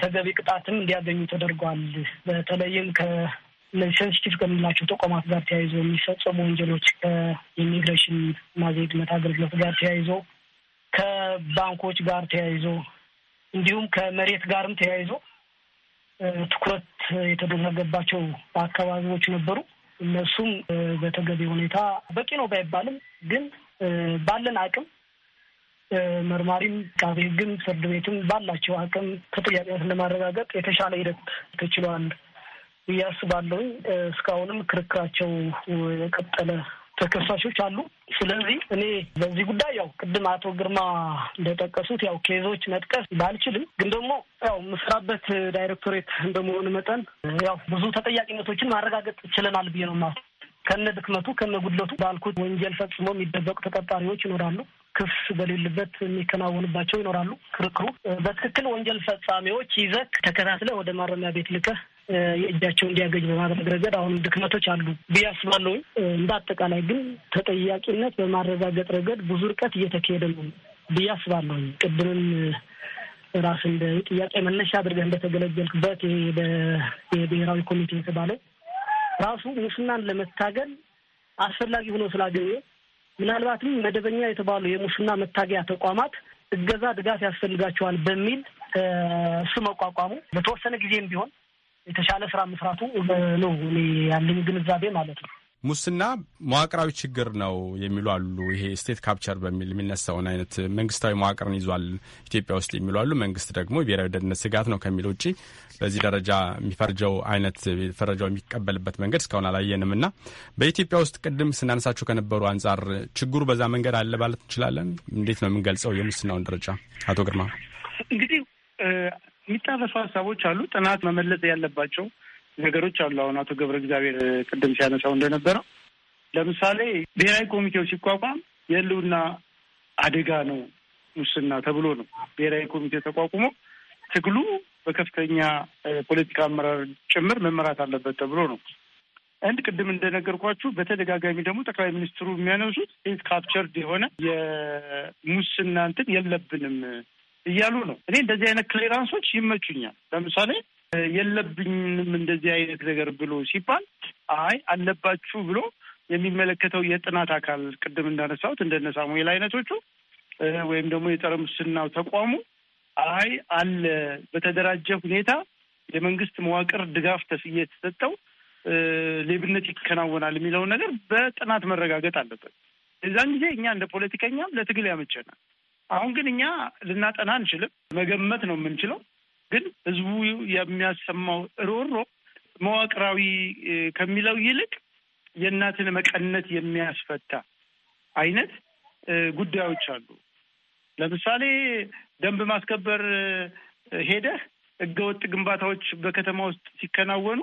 ተገቢ ቅጣትም እንዲያገኙ ተደርጓል። በተለይም ከእነዚህ ሴንሲቲቭ ከምንላቸው ተቋማት ጋር ተያይዞ የሚፈጸሙ ወንጀሎች ከኢሚግሬሽን እና ዜግነት አገልግሎት ጋር ተያይዞ ከባንኮች ጋር ተያይዞ እንዲሁም ከመሬት ጋርም ተያይዞ ትኩረት የተደረገባቸው አካባቢዎች ነበሩ። እነሱም በተገቢ ሁኔታ በቂ ነው ባይባልም ግን ባለን አቅም መርማሪም፣ ቃቤ ሕግም ፍርድ ቤትም ባላቸው አቅም ተጠያቂነት ለማረጋገጥ የተሻለ ሂደት ተችሏል ብዬ አስባለሁኝ። እስካሁንም ክርክራቸው የቀጠለ ተከሳሾች አሉ። ስለዚህ እኔ በዚህ ጉዳይ ያው ቅድም አቶ ግርማ እንደጠቀሱት ያው ኬዞች መጥቀስ ባልችልም ግን ደግሞ ያው የምሰራበት ዳይሬክቶሬት እንደመሆን መጠን ያው ብዙ ተጠያቂነቶችን ማረጋገጥ ችለናል ብዬ ነው ማ። ከነ ድክመቱ ከነ ጉድለቱ ባልኩት ወንጀል ፈጽሞ የሚደበቁ ተጠርጣሪዎች ይኖራሉ። ክስ በሌለበት የሚከናወንባቸው ይኖራሉ። ክርክሩ በትክክል ወንጀል ፈጻሚዎች ይዘህ ተከታትለህ ወደ ማረሚያ ቤት ልከህ የእጃቸው እንዲያገኝ በማድረግ ረገድ አሁንም ድክመቶች አሉ ብዬ አስባለሁ። እንደ አጠቃላይ ግን ተጠያቂነት በማረጋገጥ ረገድ ብዙ ርቀት እየተካሄደ ነው ብዬ አስባለሁ። ቅድምም ራስ እንደ ጥያቄ መነሻ አድርገህ እንደተገለገልክበት የብሔራዊ ኮሚቴ የተባለው ራሱ ሙስናን ለመታገል አስፈላጊ ሆኖ ስላገኘ ምናልባትም መደበኛ የተባሉ የሙስና መታገያ ተቋማት እገዛ፣ ድጋፍ ያስፈልጋቸዋል በሚል እሱ መቋቋሙ በተወሰነ ጊዜም ቢሆን የተሻለ ስራ መስራቱ ነው እኔ ያለኝ ግንዛቤ ማለት ነው። ሙስና መዋቅራዊ ችግር ነው የሚሉ አሉ። ይሄ ስቴት ካፕቸር በሚል የሚነሳውን አይነት መንግስታዊ መዋቅርን ይዟል ኢትዮጵያ ውስጥ የሚሉ አሉ። መንግስት ደግሞ የብሔራዊ ደህንነት ስጋት ነው ከሚል ውጭ በዚህ ደረጃ የሚፈርጀው አይነት ፈረጃው የሚቀበልበት መንገድ እስካሁን አላየንም እና በኢትዮጵያ ውስጥ ቅድም ስናነሳቸው ከነበሩ አንጻር ችግሩ በዛ መንገድ አለ ማለት እንችላለን። እንዴት ነው የምንገልጸው የሙስናውን ደረጃ አቶ ግርማ? እንግዲህ የሚጣረሱ ሀሳቦች አሉ። ጥናት መመለስ ያለባቸው ነገሮች አሉ። አሁን አቶ ገብረ እግዚአብሔር ቅድም ሲያነሳው እንደነበረው ለምሳሌ ብሔራዊ ኮሚቴው ሲቋቋም የህልውና አደጋ ነው ሙስና ተብሎ ነው ብሔራዊ ኮሚቴ ተቋቁሞ ትግሉ በከፍተኛ ፖለቲካ አመራር ጭምር መመራት አለበት ተብሎ ነው። አንድ ቅድም እንደነገርኳችሁ በተደጋጋሚ ደግሞ ጠቅላይ ሚኒስትሩ የሚያነሱት ካፕቸርድ የሆነ የሙስና እንትን የለብንም እያሉ ነው። እኔ እንደዚህ አይነት ክሌራንሶች ይመቹኛል። ለምሳሌ የለብኝም እንደዚህ አይነት ነገር ብሎ ሲባል አይ አለባችሁ ብሎ የሚመለከተው የጥናት አካል ቅድም እንዳነሳሁት እንደነ ሳሙኤል አይነቶቹ ወይም ደግሞ የጸረ ተቋሙ አይ አለ በተደራጀ ሁኔታ የመንግስት መዋቅር ድጋፍ የተሰጠው ሌብነት ይከናወናል የሚለውን ነገር በጥናት መረጋገጥ አለበት። እዛን ጊዜ እኛ እንደ ፖለቲከኛም ለትግል ያመቸናል። አሁን ግን እኛ ልናጠና አንችልም፣ መገመት ነው የምንችለው። ግን ህዝቡ የሚያሰማው ሮሮ መዋቅራዊ ከሚለው ይልቅ የእናትን መቀነት የሚያስፈታ አይነት ጉዳዮች አሉ። ለምሳሌ ደንብ ማስከበር ሄደህ ህገወጥ ግንባታዎች በከተማ ውስጥ ሲከናወኑ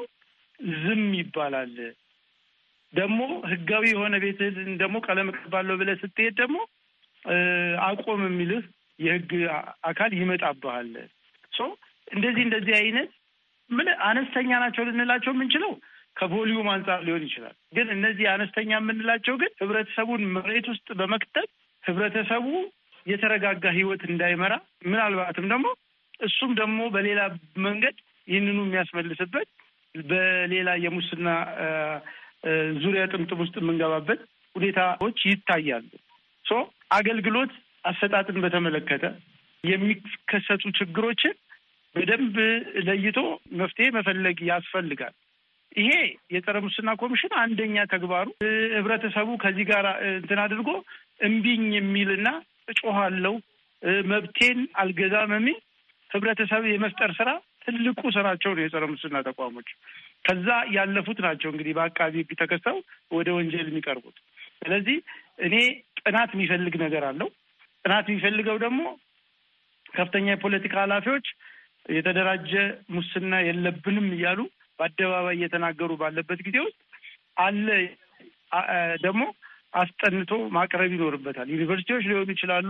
ዝም ይባላል። ደግሞ ህጋዊ የሆነ ቤትህን ደግሞ ቀለም እቀባለሁ ብለህ ስትሄድ ደግሞ አቆም የሚልህ የህግ አካል ይመጣብሃል። ሶ እንደዚህ እንደዚህ አይነት ምን አነስተኛ ናቸው ልንላቸው የምንችለው ከቮሊዩም አንጻር ሊሆን ይችላል። ግን እነዚህ አነስተኛ የምንላቸው ግን ህብረተሰቡን መሬት ውስጥ በመክተል ህብረተሰቡ የተረጋጋ ህይወት እንዳይመራ ምናልባትም ደግሞ እሱም ደግሞ በሌላ መንገድ ይህንኑ የሚያስመልስበት በሌላ የሙስና ዙሪያ ጥምጥም ውስጥ የምንገባበት ሁኔታዎች ይታያሉ። ሶ አገልግሎት አሰጣጥን በተመለከተ የሚከሰቱ ችግሮችን በደንብ ለይቶ መፍትሄ መፈለግ ያስፈልጋል። ይሄ የጸረ ሙስና ኮሚሽን አንደኛ ተግባሩ ህብረተሰቡ ከዚህ ጋር እንትን አድርጎ እምቢኝ የሚልና እጮኋለው መብቴን አልገዛም የሚል ህብረተሰብ የመፍጠር ስራ ትልቁ ስራቸው ነው የጸረ ሙስና ተቋሞች። ከዛ ያለፉት ናቸው እንግዲህ በአቃቢ ህግ ተከሰው ወደ ወንጀል የሚቀርቡት። ስለዚህ እኔ ጥናት የሚፈልግ ነገር አለው። ጥናት የሚፈልገው ደግሞ ከፍተኛ የፖለቲካ ኃላፊዎች የተደራጀ ሙስና የለብንም እያሉ በአደባባይ እየተናገሩ ባለበት ጊዜ ውስጥ አለ ደግሞ አስጠንቶ ማቅረብ ይኖርበታል። ዩኒቨርሲቲዎች ሊሆኑ ይችላሉ፣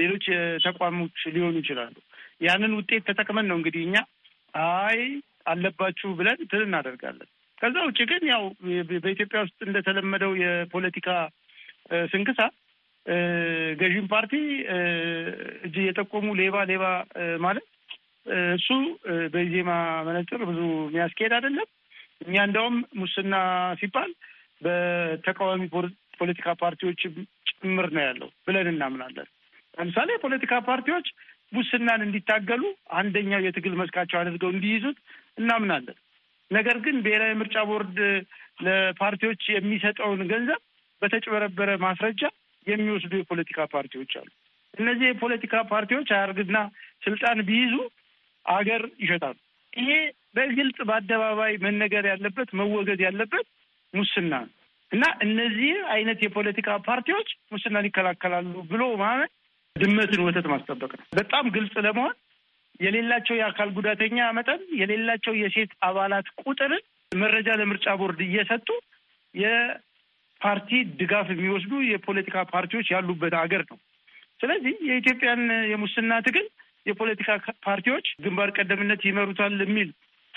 ሌሎች ተቋሞች ሊሆኑ ይችላሉ። ያንን ውጤት ተጠቅመን ነው እንግዲህ እኛ አይ አለባችሁ ብለን ትል እናደርጋለን። ከዛ ውጭ ግን ያው በኢትዮጵያ ውስጥ እንደተለመደው የፖለቲካ ስንክሳ ገዥም ፓርቲ እጅ የጠቆሙ ሌባ ሌባ ማለት እሱ በኢዜማ መነጽር ብዙ የሚያስኬድ አይደለም። እኛ እንደውም ሙስና ሲባል በተቃዋሚ ፖለቲካ ፓርቲዎች ጭምር ነው ያለው ብለን እናምናለን። ለምሳሌ የፖለቲካ ፓርቲዎች ሙስናን እንዲታገሉ አንደኛው የትግል መስካቸው አድርገው እንዲይዙት እናምናለን። ነገር ግን ብሔራዊ ምርጫ ቦርድ ለፓርቲዎች የሚሰጠውን ገንዘብ በተጭበረበረ ማስረጃ የሚወስዱ የፖለቲካ ፓርቲዎች አሉ። እነዚህ የፖለቲካ ፓርቲዎች አያርግና ስልጣን ቢይዙ አገር ይሸጣሉ። ይሄ በግልጽ በአደባባይ መነገር ያለበት መወገድ ያለበት ሙስና ነው እና እነዚህ አይነት የፖለቲካ ፓርቲዎች ሙስናን ይከላከላሉ ብሎ ማመን ድመትን ወተት ማስጠበቅ ነው። በጣም ግልጽ ለመሆን የሌላቸው የአካል ጉዳተኛ መጠን፣ የሌላቸው የሴት አባላት ቁጥርን መረጃ ለምርጫ ቦርድ እየሰጡ ፓርቲ ድጋፍ የሚወስዱ የፖለቲካ ፓርቲዎች ያሉበት ሀገር ነው። ስለዚህ የኢትዮጵያን የሙስና ትግል የፖለቲካ ፓርቲዎች ግንባር ቀደምነት ይመሩታል የሚል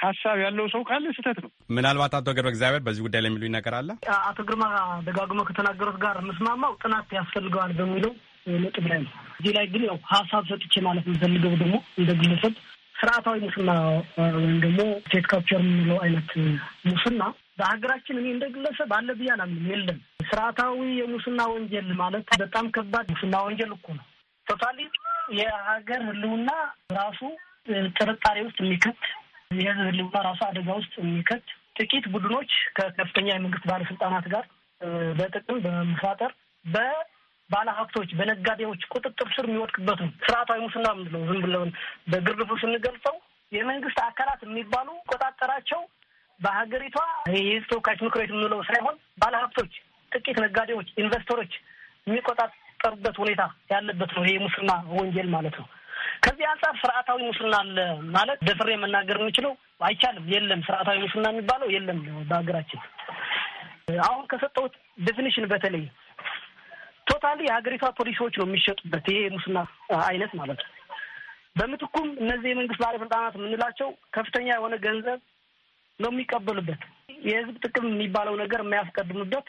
ሀሳብ ያለው ሰው ካለ ስህተት ነው። ምናልባት አቶ ገብረ እግዚአብሔር በዚህ ጉዳይ ላይ የሚሉ ነገር አለ? አቶ ግርማ ደጋግሞ ከተናገሩት ጋር የምስማማው ጥናት ያስፈልገዋል በሚለው ነጥብ ላይ ነው። እዚህ ላይ ግን ያው ሀሳብ ሰጥቼ ማለት የምፈልገው ደግሞ እንደ ግለሰብ ስርዓታዊ ሙስና ወይም ደግሞ ስቴት ካፕቸር የምንለው አይነት ሙስና በሀገራችን እኔ እንደ ግለሰብ አለ ብዬ አላምንም። የለም ስርዓታዊ የሙስና ወንጀል ማለት በጣም ከባድ ሙስና ወንጀል እኮ ነው። ቶታሊ የሀገር ህልውና ራሱ ጥርጣሬ ውስጥ የሚከት የህዝብ ህልውና ራሱ አደጋ ውስጥ የሚከት ጥቂት ቡድኖች ከከፍተኛ የመንግስት ባለስልጣናት ጋር በጥቅም በመፋጠር በባለ ሀብቶች በነጋዴዎች ቁጥጥር ስር የሚወድቅበት ነው ስርዓታዊ ሙስና ምንድን ዝም ብለን በግርድፉ ስንገልጸው የመንግስት አካላት የሚባሉ ቆጣጠራቸው በሀገሪቷ የህዝብ ተወካዮች ምክር ቤት የምንለው ሳይሆን ባለሀብቶች፣ ጥቂት ነጋዴዎች፣ ኢንቨስተሮች የሚቆጣጠሩበት ሁኔታ ያለበት ነው። ይሄ ሙስና ወንጀል ማለት ነው። ከዚህ አንጻር ስርዓታዊ ሙስና አለ ማለት ደፍሬ መናገር የምችለው አይቻልም። የለም ስርዓታዊ ሙስና የሚባለው የለም በሀገራችን። አሁን ከሰጠሁት ዴፊኒሽን በተለይ ቶታሊ የሀገሪቷ ፖሊሲዎች ነው የሚሸጡበት ይሄ ሙስና አይነት ማለት ነው። በምትኩም እነዚህ የመንግስት ባለስልጣናት የምንላቸው ከፍተኛ የሆነ ገንዘብ ነው የሚቀበሉበት የህዝብ ጥቅም የሚባለው ነገር የሚያስቀድምበት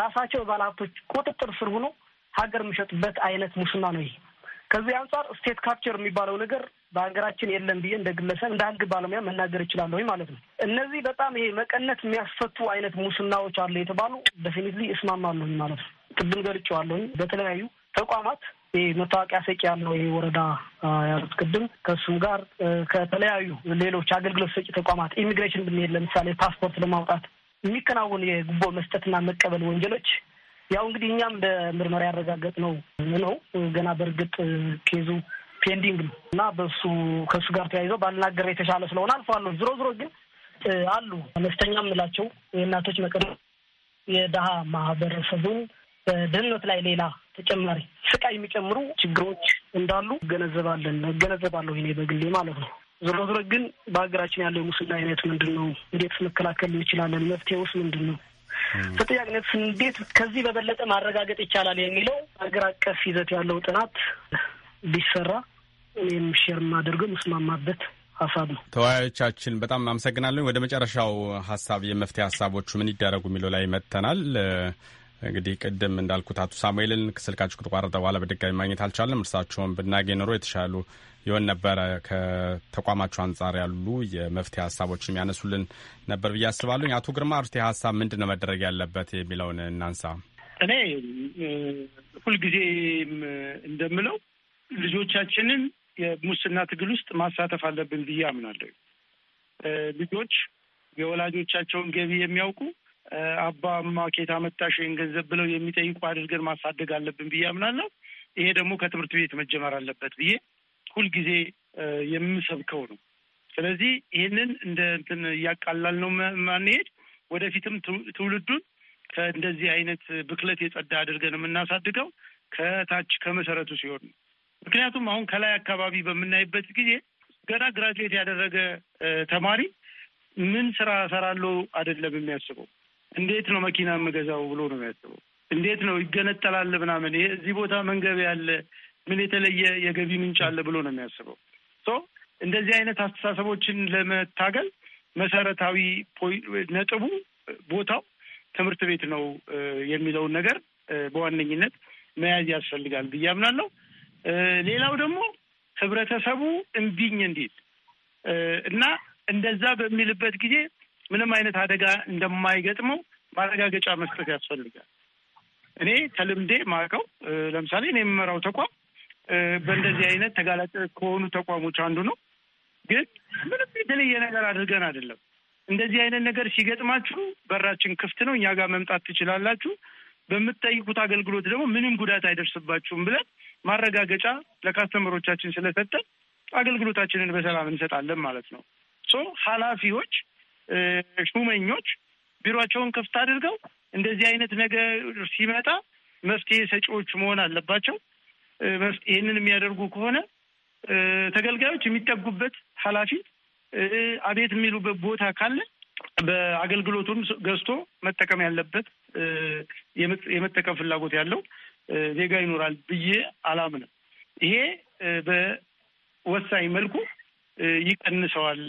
ራሳቸው ባለሀብቶች ቁጥጥር ስር ሆኖ ሀገር የሚሸጡበት አይነት ሙስና ነው ይሄ። ከዚህ አንጻር ስቴት ካፕቸር የሚባለው ነገር በሀገራችን የለም ብዬ እንደ ግለሰብ እንደ ህግ ባለሙያ መናገር እችላለሁ ማለት ነው። እነዚህ በጣም ይሄ መቀነት የሚያስፈቱ አይነት ሙስናዎች አሉ የተባሉ ደፊኒትሊ እስማማለሁኝ ማለት ነው። ቅድም ገልጬዋለሁኝ በተለያዩ ተቋማት መታወቂያ ሰጪ ያለው የወረዳ ያሉት ቅድም ከእሱም ጋር ከተለያዩ ሌሎች አገልግሎት ሰጪ ተቋማት ኢሚግሬሽን ብንሄድ ለምሳሌ ፓስፖርት ለማውጣት የሚከናወን የጉቦ መስጠትና መቀበል ወንጀሎች ያው እንግዲህ እኛም በምርመራ ያረጋገጥ ነው ነው ገና በእርግጥ ኬዙ ፔንዲንግ ነው እና በሱ ከእሱ ጋር ተያይዘው ባልናገር የተሻለ ስለሆነ አልፈዋለሁ። ዝሮ ዝሮ ግን አሉ አነስተኛ የምላቸው የእናቶች መቀ የድሀ ማህበረሰቡን በደህንነት ላይ ሌላ ተጨማሪ ስቃይ የሚጨምሩ ችግሮች እንዳሉ እገነዘባለን እገነዘባለሁ እኔ በግሌ ማለት ነው። ዞሮ ዞሮ ግን በሀገራችን ያለው የሙስና አይነት ምንድን ነው? እንዴት መከላከል እንችላለን? መፍትሄ ውስጥ ምንድን ነው? ተጠያቂነት እንዴት ከዚህ በበለጠ ማረጋገጥ ይቻላል የሚለው ሀገር አቀፍ ይዘት ያለው ጥናት ቢሰራ እኔም ሼር የማደርገው ምስማማበት ሀሳብ ነው። ተወያዮቻችን በጣም አመሰግናለሁ ወደ መጨረሻው ሀሳብ የመፍትሄ ሀሳቦቹ ምን ይደረጉ የሚለው ላይ መጥተናል። እንግዲህ ቅድም እንዳልኩት አቶ ሳሙኤልን ስልካችሁ ከተቋረጠ በኋላ በድጋሚ ማግኘት አልቻለም። እርሳቸውን ብናገኝ ኖሮ የተሻሉ ይሆን ነበረ። ከተቋማቸው አንጻር ያሉ የመፍትሄ ሀሳቦችንም ያነሱልን ነበር ብዬ አስባለሁ። አቶ ግርማ መፍትሄ ሀሳብ ምንድን ነው መደረግ ያለበት የሚለውን እናንሳ። እኔ ሁልጊዜ እንደምለው ልጆቻችንን የሙስና ትግል ውስጥ ማሳተፍ አለብን ብዬ አምናለሁ። ልጆች የወላጆቻቸውን ገቢ የሚያውቁ አባ ማኬት አመጣሽ ይህን ገንዘብ ብለው የሚጠይቁ አድርገን ማሳደግ አለብን ብዬ አምናለሁ። ይሄ ደግሞ ከትምህርት ቤት መጀመር አለበት ብዬ ሁልጊዜ የምሰብከው ነው። ስለዚህ ይህንን እንደ እንትን እያቃላል ነው ማንሄድ ወደፊትም ትውልዱን ከእንደዚህ አይነት ብክለት የጸዳ አድርገን የምናሳድገው ከታች ከመሰረቱ ሲሆን ነው። ምክንያቱም አሁን ከላይ አካባቢ በምናይበት ጊዜ ገና ግራጁዌት ያደረገ ተማሪ ምን ስራ ሰራለ አይደለም የሚያስበው እንዴት ነው መኪና የምገዛው ብሎ ነው የሚያስበው። እንዴት ነው ይገነጠላል ምናምን እዚህ ቦታ መንገብ ያለ ምን የተለየ የገቢ ምንጭ አለ ብሎ ነው የሚያስበው። ሶ እንደዚህ አይነት አስተሳሰቦችን ለመታገል መሰረታዊ ነጥቡ ቦታው ትምህርት ቤት ነው የሚለውን ነገር በዋነኝነት መያዝ ያስፈልጋል ብዬ አምናለሁ። ሌላው ደግሞ ህብረተሰቡ እምቢኝ እንዲል እና እንደዛ በሚልበት ጊዜ ምንም አይነት አደጋ እንደማይገጥመው ማረጋገጫ መስጠት ያስፈልጋል። እኔ ከልምዴ ማቀው ለምሳሌ እኔ የምመራው ተቋም በእንደዚህ አይነት ተጋላጭ ከሆኑ ተቋሞች አንዱ ነው። ግን ምንም የተለየ ነገር አድርገን አይደለም። እንደዚህ አይነት ነገር ሲገጥማችሁ በራችን ክፍት ነው፣ እኛ ጋር መምጣት ትችላላችሁ፣ በምትጠይቁት አገልግሎት ደግሞ ምንም ጉዳት አይደርስባችሁም ብለን ማረጋገጫ ለካስተመሮቻችን ስለሰጠን አገልግሎታችንን በሰላም እንሰጣለን ማለት ነው። ሶ ኃላፊዎች ሹመኞች ቢሮቸውን ክፍት አድርገው እንደዚህ አይነት ነገር ሲመጣ መፍትሄ ሰጪዎች መሆን አለባቸው። ይህንን የሚያደርጉ ከሆነ ተገልጋዮች የሚጠጉበት ኃላፊ አቤት የሚሉበት ቦታ ካለ በአገልግሎቱም ገዝቶ መጠቀም ያለበት የመጠቀም ፍላጎት ያለው ዜጋ ይኖራል ብዬ አላምንም። ይሄ በወሳኝ መልኩ ይቀንሰዋል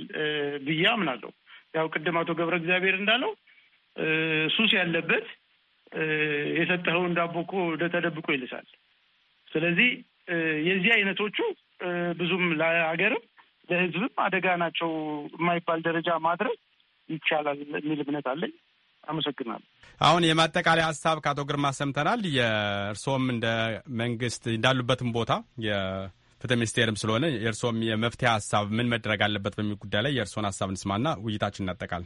ብዬ አምናለሁ። ያው ቅድም አቶ ገብረ እግዚአብሔር እንዳለው ሱስ ያለበት የሰጠኸው እንዳቦኮ ተደብቆ ይልሳል። ስለዚህ የዚህ አይነቶቹ ብዙም ለሀገርም ለህዝብም አደጋ ናቸው የማይባል ደረጃ ማድረግ ይቻላል የሚል እምነት አለኝ። አመሰግናለሁ። አሁን የማጠቃለያ ሀሳብ ከአቶ ግርማ ሰምተናል። የእርስዎም እንደ መንግስት እንዳሉበትም ቦታ ፍትህ ሚኒስቴርም ስለሆነ የእርስዎም የመፍትሄ ሀሳብ ምን መደረግ አለበት በሚል ጉዳይ ላይ የእርስዎን ሀሳብ እንስማና ውይይታችን እናጠቃል።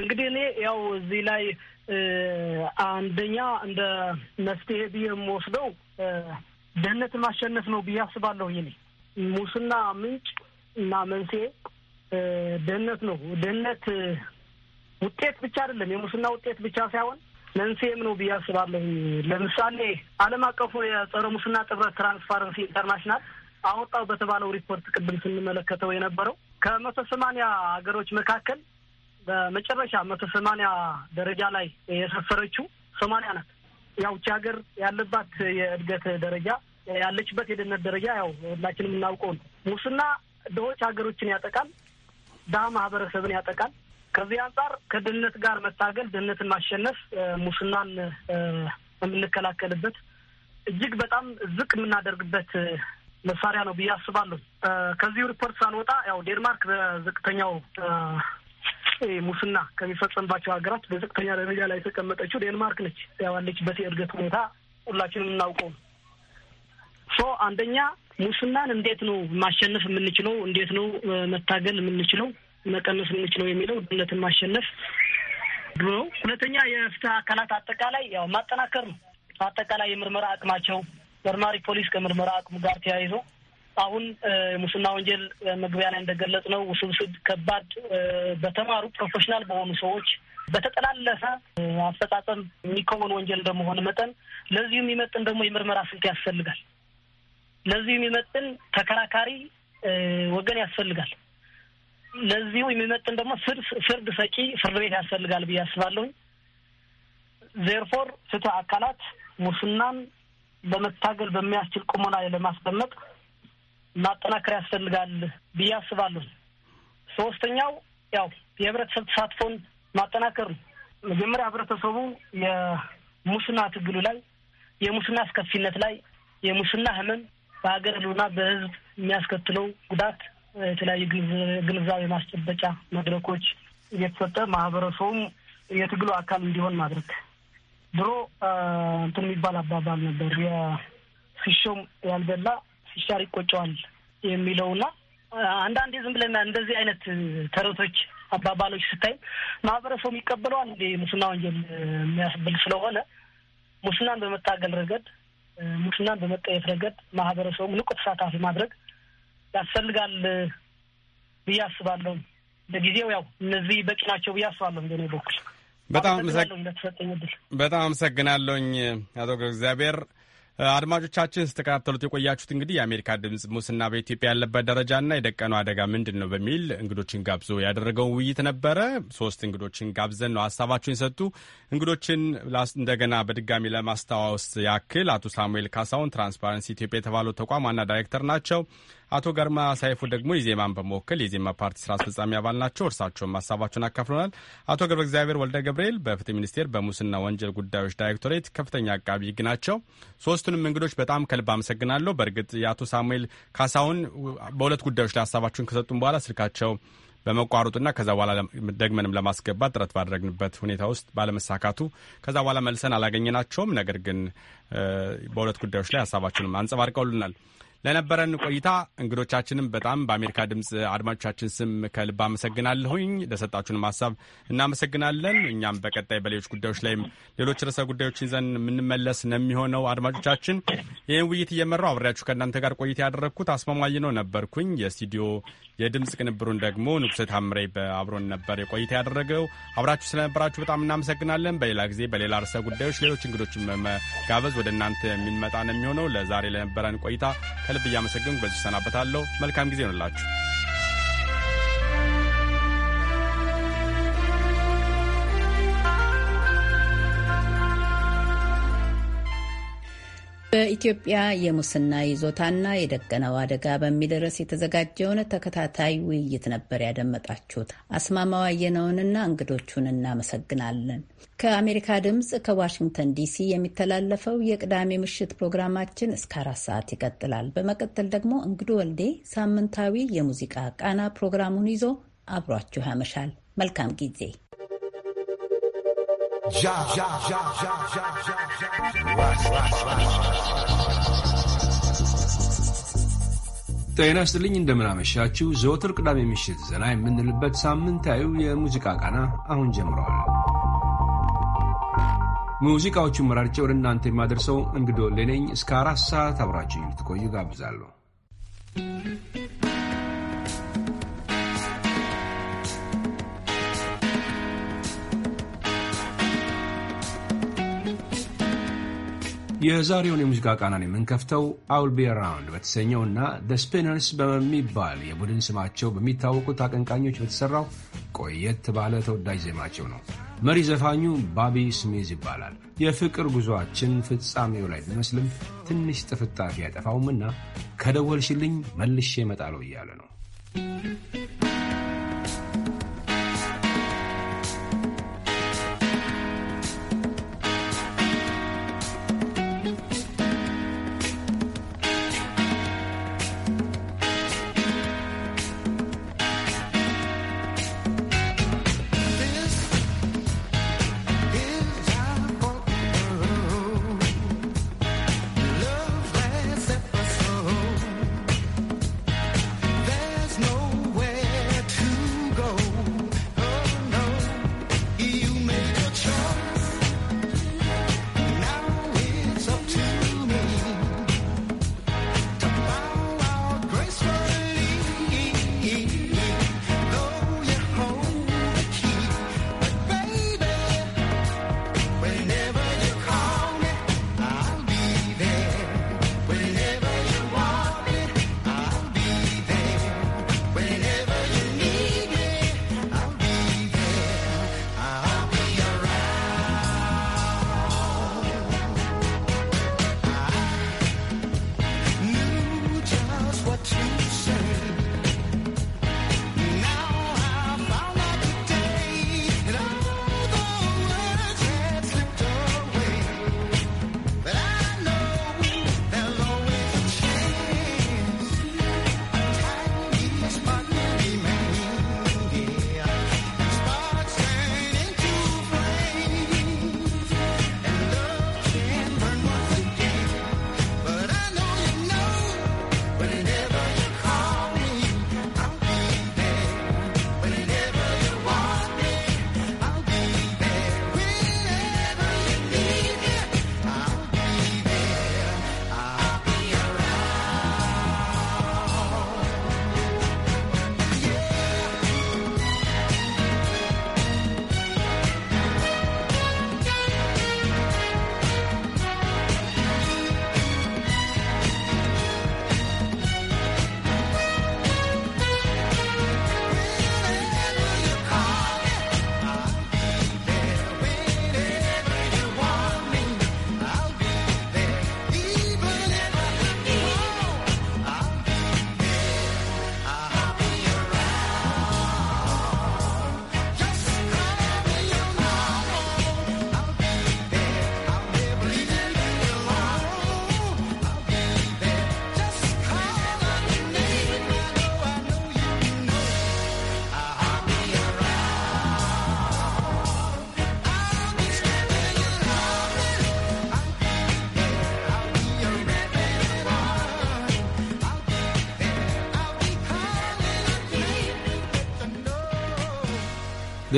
እንግዲህ እኔ ያው እዚህ ላይ አንደኛ እንደ መፍትሄ ብዬ የምወስደው ድህነትን ማሸነፍ ነው ብዬ አስባለሁ። ይኔ ሙስና ምንጭ እና መንስኤ ድህነት ነው። ድህነት ውጤት ብቻ አይደለም፣ የሙስና ውጤት ብቻ ሳይሆን መንስኤም ነው ብዬ አስባለሁ። ለምሳሌ ዓለም አቀፉ የጸረ ሙስና ጥብረት ትራንስፓረንሲ ኢንተርናሽናል አወጣው በተባለው ሪፖርት ቅድም ስንመለከተው የነበረው ከመቶ ሰማንያ ሀገሮች መካከል በመጨረሻ መቶ ሰማንያ ደረጃ ላይ የሰፈረችው ሶማሊያ ናት። ያው ቺ ሀገር ያለባት የእድገት ደረጃ ያለችበት የድህነት ደረጃ ያው ሁላችንም እናውቀው ነው። ሙስና ድሆች ሀገሮችን ያጠቃል፣ ድሀ ማህበረሰብን ያጠቃል። ከዚህ አንጻር ከድህነት ጋር መታገል፣ ድህነትን ማሸነፍ፣ ሙስናን የምንከላከልበት እጅግ በጣም ዝቅ የምናደርግበት መሳሪያ ነው ብዬ አስባለሁ። ከዚሁ ሪፖርት ሳንወጣ ያው ዴንማርክ በዝቅተኛው ሙስና ከሚፈጸምባቸው ሀገራት በዝቅተኛ ደረጃ ላይ የተቀመጠችው ዴንማርክ ነች። ያዋለችበት የእድገት ሁኔታ ሁላችንም እናውቀው። ሶ አንደኛ ሙስናን እንዴት ነው ማሸነፍ የምንችለው፣ እንዴት ነው መታገል የምንችለው፣ መቀነስ የምንችለው የሚለው ድህነትን ማሸነፍ ነው። ሁለተኛ የፍትህ አካላት አጠቃላይ ያው ማጠናከር ነው። አጠቃላይ የምርመራ አቅማቸው መርማሪ ፖሊስ ከምርመራ አቅሙ ጋር ተያይዞ አሁን የሙስና ወንጀል መግቢያ ላይ እንደገለጽ ነው ውስብስብ፣ ከባድ በተማሩ ፕሮፌሽናል በሆኑ ሰዎች በተጠላለፈ አፈጻጸም የሚከወን ወንጀል እንደመሆነ መጠን ለዚሁ የሚመጥን ደግሞ የምርመራ ስልት ያስፈልጋል። ለዚሁ የሚመጥን ተከራካሪ ወገን ያስፈልጋል። ለዚሁ የሚመጥን ደግሞ ፍርድ ሰጪ ፍርድ ቤት ያስፈልጋል ብዬ አስባለሁኝ። ዜርፎር ፍትህ አካላት ሙስናን ለመታገል በሚያስችል ቁመና ለማስቀመጥ ማጠናከር ያስፈልጋል ብዬ አስባለሁ። ሶስተኛው ያው የህብረተሰብ ተሳትፎን ማጠናከር ነው። መጀመሪያ ህብረተሰቡ የሙስና ትግሉ ላይ፣ የሙስና አስከፊነት ላይ፣ የሙስና ህመም በሀገር ህልውና በህዝብ የሚያስከትለው ጉዳት የተለያዩ ግንዛቤ ማስጨበጫ መድረኮች እየተሰጠ ማህበረሰቡም የትግሉ አካል እንዲሆን ማድረግ ድሮ እንትን የሚባል አባባል ነበር ሲሾም ያልበላ ሲሻር ይቆጨዋል የሚለውና አንዳንዴ ዝም ብለን እንደዚህ አይነት ተረቶች አባባሎች ስታይ ማህበረሰቡ ይቀበለዋል እንደ ሙስና ወንጀል የሚያስብል ስለሆነ ሙስናን በመታገል ረገድ ሙስናን በመጠየት ረገድ ማህበረሰቡ ንቁ ተሳታፊ ማድረግ ያስፈልጋል ብዬ አስባለሁ። ለጊዜው ያው እነዚህ በቂ ናቸው ብዬ አስባለሁ እንደኔ በኩል። በጣም አመሰግናለሁኝ አቶ እግዚአብሔር። አድማጮቻችን ስተከታተሉት የቆያችሁት እንግዲህ የአሜሪካ ድምፅ ሙስና በኢትዮጵያ ያለበት ደረጃና የደቀነው አደጋ ምንድን ነው በሚል እንግዶችን ጋብዞ ያደረገውን ውይይት ነበረ። ሶስት እንግዶችን ጋብዘን ነው ሀሳባቸውን የሰጡ እንግዶችን እንደገና በድጋሚ ለማስታዋወስ ያክል አቶ ሳሙኤል ካሳሁን ትራንስፓረንሲ ኢትዮጵያ የተባለው ተቋም ዋና ዳይሬክተር ናቸው። አቶ ገርማ ሳይፉ ደግሞ የዜማን በመወከል የዜማ ፓርቲ ስራ አስፈጻሚ አባል ናቸው። እርሳቸውም ሀሳባቸውን አካፍለናል። አቶ ገብረ እግዚአብሔር ወልደ ገብርኤል በፍትህ ሚኒስቴር በሙስና ወንጀል ጉዳዮች ዳይሬክቶሬት ከፍተኛ አቃቢ ሕግ ናቸው። ሶስቱንም እንግዶች በጣም ከልብ አመሰግናለሁ። በእርግጥ የአቶ ሳሙኤል ካሳሁን በሁለት ጉዳዮች ላይ ሀሳባቸውን ከሰጡን በኋላ ስልካቸው በመቋረጡና ከዛ በኋላ ደግመንም ለማስገባት ጥረት ባደረግንበት ሁኔታ ውስጥ ባለመሳካቱ ከዛ በኋላ መልሰን አላገኘናቸውም። ነገር ግን በሁለት ጉዳዮች ላይ ሀሳባችንም አንጸባርቀውልናል። ለነበረን ቆይታ እንግዶቻችንም በጣም በአሜሪካ ድምፅ አድማጮቻችን ስም ከልብ አመሰግናለሁኝ። ለሰጣችሁንም ሀሳብ እናመሰግናለን። እኛም በቀጣይ በሌሎች ጉዳዮች ላይም ሌሎች ርዕሰ ጉዳዮች ይዘን የምንመለስ ነው የሚሆነው። አድማጮቻችን ይህን ውይይት እየመራው አብሬያችሁ ከእናንተ ጋር ቆይታ ያደረግኩት አስማማኝ ነው ነበርኩኝ። የስቱዲዮ የድምፅ ቅንብሩን ደግሞ ንጉሰ ታምሬ በአብሮን ነበር የቆይታ ያደረገው። አብራችሁ ስለነበራችሁ በጣም እናመሰግናለን። በሌላ ጊዜ በሌላ ርዕሰ ጉዳዮች ሌሎች እንግዶችን መጋበዝ ወደ እናንተ የሚመጣ ነው የሚሆነው። ለዛሬ ለነበረን ቆይታ ከልብ እያመሰገንኩ በዚሁ እሰናበታለሁ። መልካም ጊዜ ይሆንላችሁ። በኢትዮጵያ የሙስና ይዞታና የደቀነው አደጋ በሚል ርዕስ የተዘጋጀውን ተከታታይ ውይይት ነበር ያደመጣችሁት። አስማማው አየነውንና እንግዶቹን እናመሰግናለን። ከአሜሪካ ድምፅ ከዋሽንግተን ዲሲ የሚተላለፈው የቅዳሜ ምሽት ፕሮግራማችን እስከ አራት ሰዓት ይቀጥላል። በመቀጠል ደግሞ እንግዱ ወልዴ ሳምንታዊ የሙዚቃ ቃና ፕሮግራሙን ይዞ አብሯችሁ ያመሻል። መልካም ጊዜ Já, já, já, já, já, já, já. Rush, rush, rush. ጤና ይስጥልኝ እንደምናመሻችሁ። ዘወትር ቅዳሜ ምሽት ዘና የምንልበት ሳምንታዊው የሙዚቃ ቃና አሁን ጀምረዋል። ሙዚቃዎቹን መራርጬ ወደ እናንተ የማደርሰው እንግዶ ሌነኝ። እስከ አራት ሰዓት አብራችሁ ልትቆዩ ጋብዛለሁ። የዛሬውን የሙዚቃ ቃናን የምንከፍተው አውል ቢ አራውንድ በተሰኘውና ደ ስፒነርስ በሚባል የቡድን ስማቸው በሚታወቁት አቀንቃኞች በተሠራው ቆየት ባለ ተወዳጅ ዜማቸው ነው። መሪ ዘፋኙ ባቢ ስሜዝ ይባላል። የፍቅር ጉዞአችን ፍጻሜው ላይ ቢመስልም ትንሽ ጥፍጣፊ አይጠፋውምና ከደወልሽልኝ መልሼ እመጣለሁ እያለ ነው።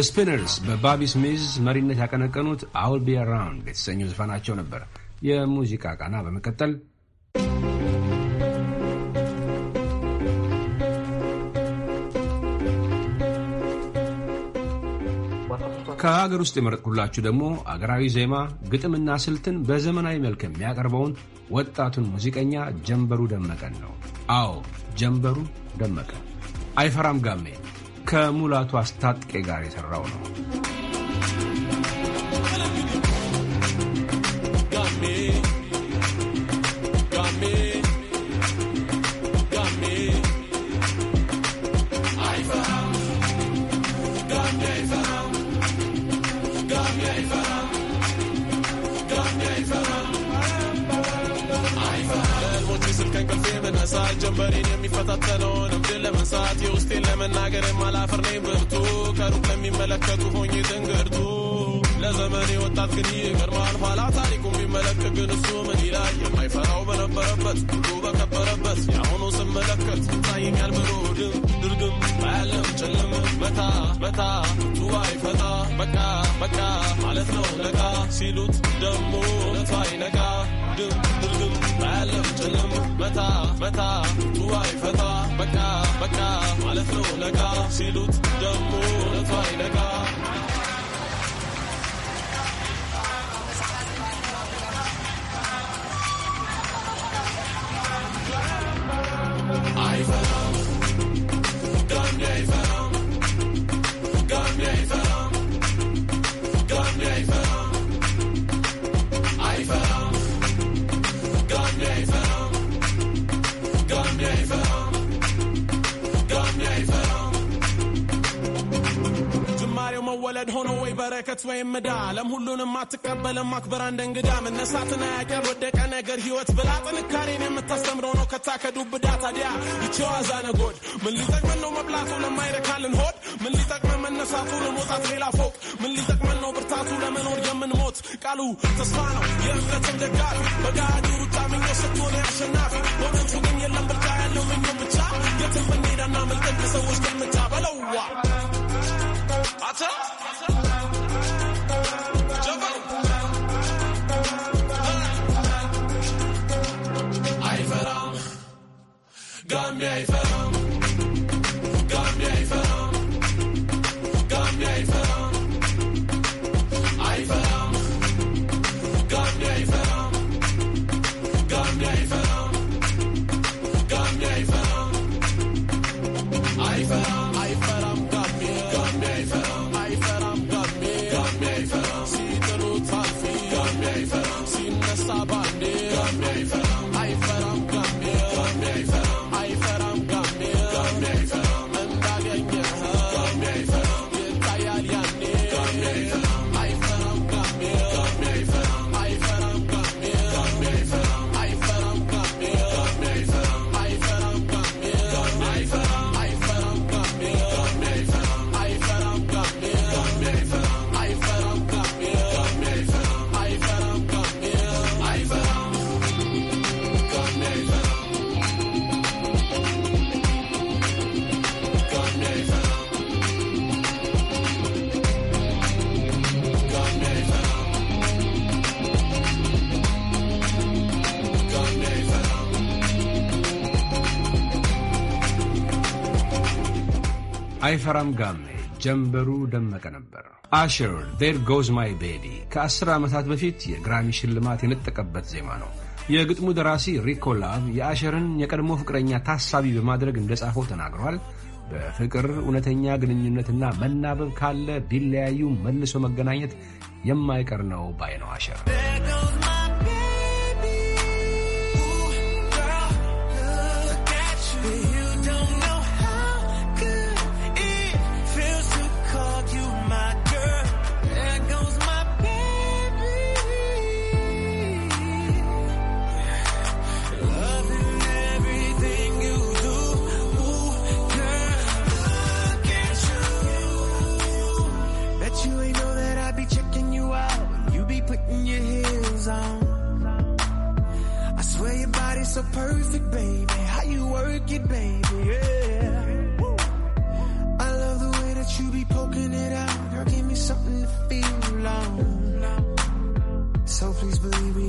ስፒነርስ በባቢ ስሚዝ መሪነት ያቀነቀኑት አውል ቢ አራውንድ የተሰኘው ዘፈናቸው ነበር። የሙዚቃ ቃና በመቀጠል ከሀገር ውስጥ የመረጥኩላችሁ ደግሞ አገራዊ ዜማ ግጥምና ስልትን በዘመናዊ መልክ የሚያቀርበውን ወጣቱን ሙዚቀኛ ጀንበሩ ደመቀን ነው። አዎ ጀንበሩ ደመቀ አይፈራም ጋሜ ከሙላቱ አስታጥቄ ጋር የሠራው ነው። I በምን ሰዓት የውስጤን ለመናገር የማላፈር ነኝ ብርቱ ከሩቅ ለሚመለከቱ ሆኜ ትንግርቱ ለዘመኔ ወጣት ግን ይቀድማል ኋላ ታሪኩን ቢመለከት ግን እሱ ምን ይላል የማይፈራው በነበረበት ሁሉ በከበረበት የአሁኑ ስመለከት ታየኛል ብሎ ድም ድርግም አያለም ጭልም በታ በታ ቱዋይ ፈታ በቃ በቃ ማለት ነው ለቃ ሲሉት ደግሞ ነቷ ይነቃ ድም ድርግም ያለው ጭልም መታ መታ ዱባይ ፈታ በቃ በቃ ማለት ነው ለጋ ሲሉት ደግሞ እውነቷ ይነቃ I ወለድ ሆኖ ወይ በረከት ወይም ዕዳ ዓለም ሁሉንም አትቀበልም አክብራ አንድ እንግዳ መነሳትን አያውቅም ወደቀ ነገር ህይወት ብላ ጥንካሬን የምታስተምረው ነው ከታ ከዱብዳ ታዲያ ይቸዋዛ ነጎድ ምን ሊጠቅመን ነው መብላቱ ለማይረካልን ሆድ ምን ሊጠቅመን መነሳቱ ለመውጣት ሌላ ፎቅ ምን ሊጠቅመን ነው ብርታቱ ለመኖር የምንሞት ቃሉ ተስፋ ነው የእምነትን ደጋፊ በጋዱ ሩጫ ምኞት ስትሆነ ያሸናፊ ሆነቱ ግን የለም ብቻ ያለው ምኞ ብቻ የትም ብንሄዳና ሰዎች ከምታበለዋ በለዋ Gone, yeah, I fell. አይፈራም ጋሜ ጀንበሩ ደመቀ ነበር። አሽር ዴር ጎዝ ማይ ቤቢ ከአስር ዓመታት በፊት የግራሚ ሽልማት የነጠቀበት ዜማ ነው። የግጥሙ ደራሲ ሪኮ ላቭ የአሸርን የቀድሞ ፍቅረኛ ታሳቢ በማድረግ እንደጻፈው ተናግሯል። በፍቅር እውነተኛ ግንኙነትና መናበብ ካለ ቢለያዩ መልሶ መገናኘት የማይቀር ነው ባይ ነው አሸር perfect, baby. How you work it, baby, yeah. I love the way that you be poking it out. Girl, give me something to feel on. So please believe it.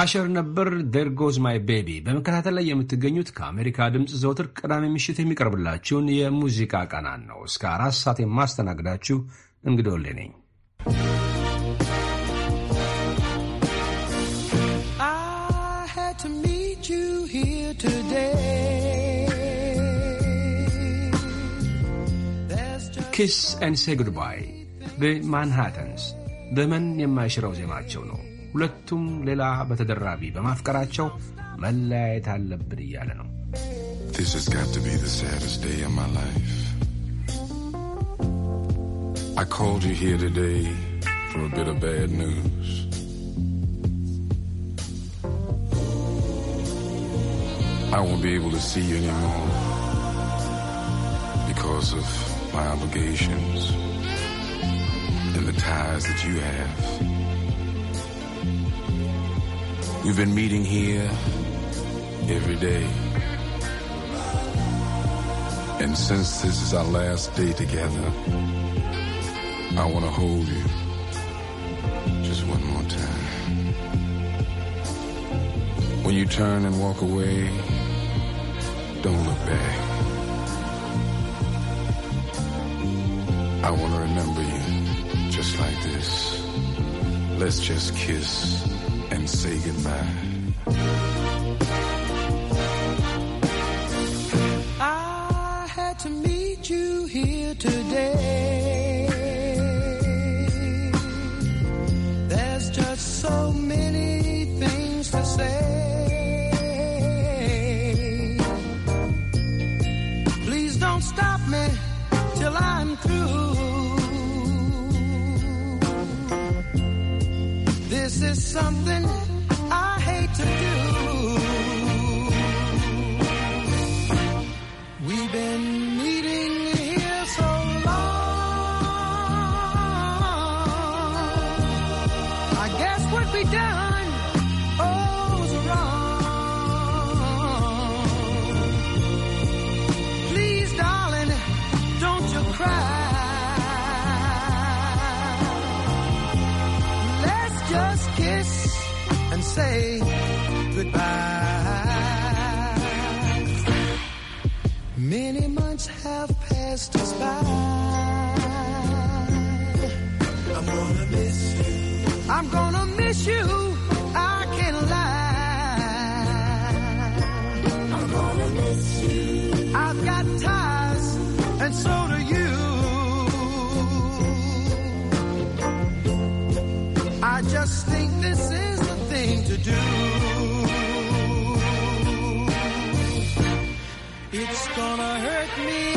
አሸር ነበር። ዴር ጎዝ ማይ ቤቢ። በመከታተል ላይ የምትገኙት ከአሜሪካ ድምፅ ዘውትር ቅዳሜ ምሽት የሚቀርብላችሁን የሙዚቃ ቃናን ነው። እስከ አራት ሰዓት የማስተናግዳችሁ እንግዲህ ወልዴ ነኝ። ኪስ ኤንድ ጉድባይ በማንሃተንስ ዘመን የማይሽረው ዜማቸው ነው። ሁለቱም ሌላ በተደራቢ በማፍቀራቸው መለያየት አለብን እያለ ነው። This has got to be the saddest day of my life. I called you here today for a bit of bad news. I won't be able to see you anymore because of my obligations and the ties that you have. We've been meeting here every day. And since this is our last day together, I want to hold you just one more time. When you turn and walk away, don't look back. I want to remember you just like this. Let's just kiss and say goodbye. I had to meet you here today. There's just so many things to say. stop me till I'm through. This is something be done. Oh, wrong. Please, darling, don't you cry. Let's just kiss and say goodbye. Many months have passed us by. I'm gonna miss you. I'm gonna do. It's gonna hurt me.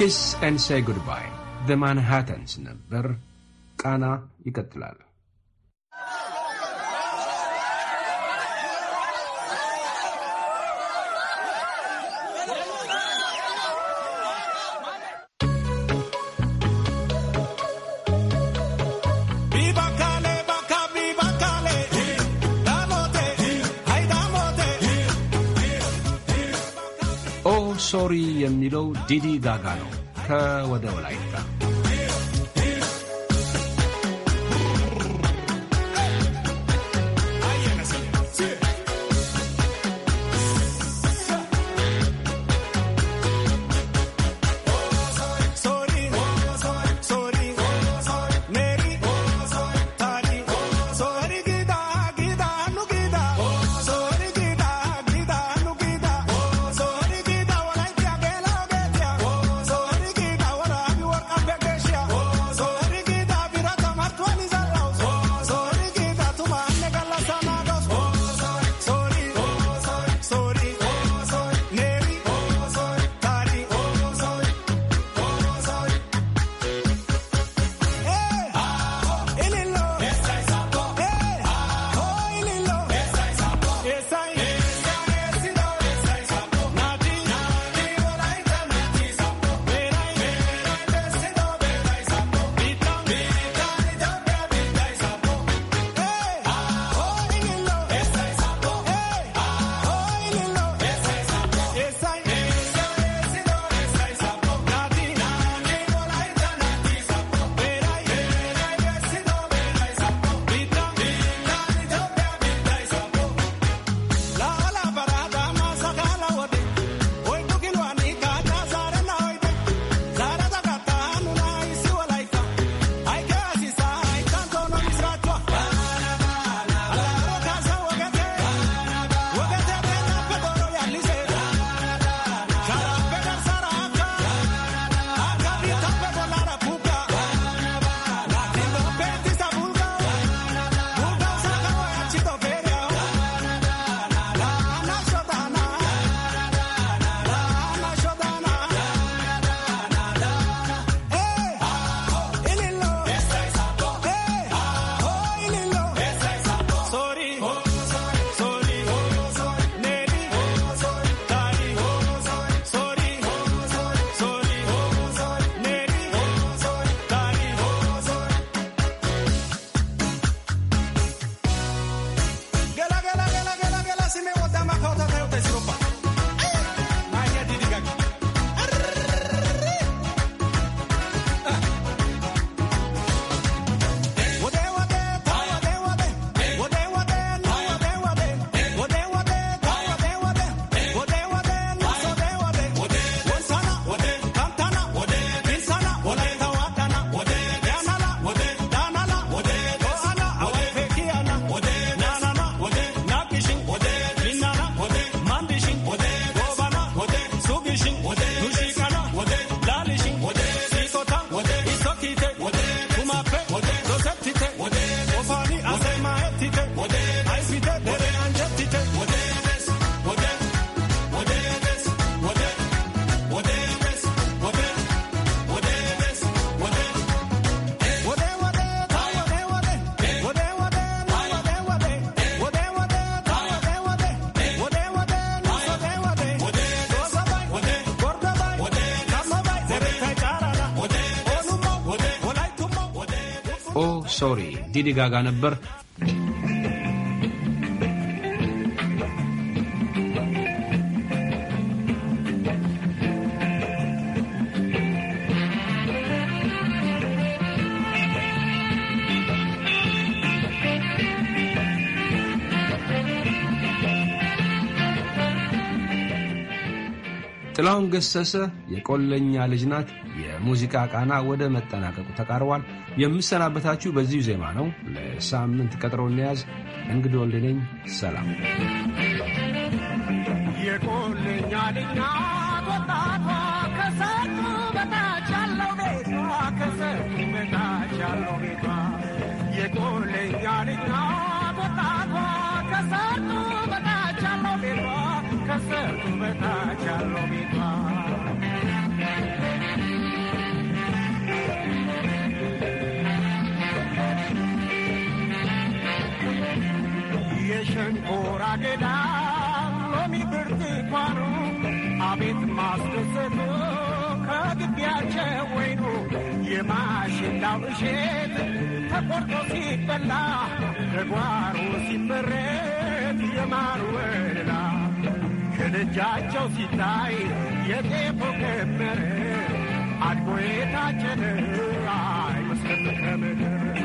Kiss and say goodbye. The Manhattan's number. Kana ika't lala. ሶሪ የሚለው ዲዲ ጋጋ ነው ከወደ ወላይታ ሶሪ ዲዲ ጋጋ ነበር። ጥላሁን ገሰሰ የቆለኛ ልጅ ናት። የሙዚቃ ቃና ወደ መጠናቀቁ ተቃርቧል። የምሰናበታችሁ በዚሁ ዜማ ነው። ለሳምንት ቀጥሮ እንያዝ። እንግዲህ ወልድ ነኝ። ሰላም የቆለኛልና ወጣቷ ከሰቱ በታች ያለው ቤቷ ከሰቱ በታች ያለው ቤቷ የቆለኛልና ወጣቷ ከሰቱ በታች ያለው ቤቷ ከሰቱ በታች ያለው ቤቷ ስንኮራ ገዳ ሎሚ ብርቱካኑ አቤት ማስደሰቱ ከግቢያቸው ወይኑ የማሽላው እሸት ተቆርጦ ሲበላ ተጓሮ ሲመረት የማር ወለላ ከደጃቸው ሲታይ የጤፎ ከመረ አድጎ የታጨደ አይመስልም ከምድር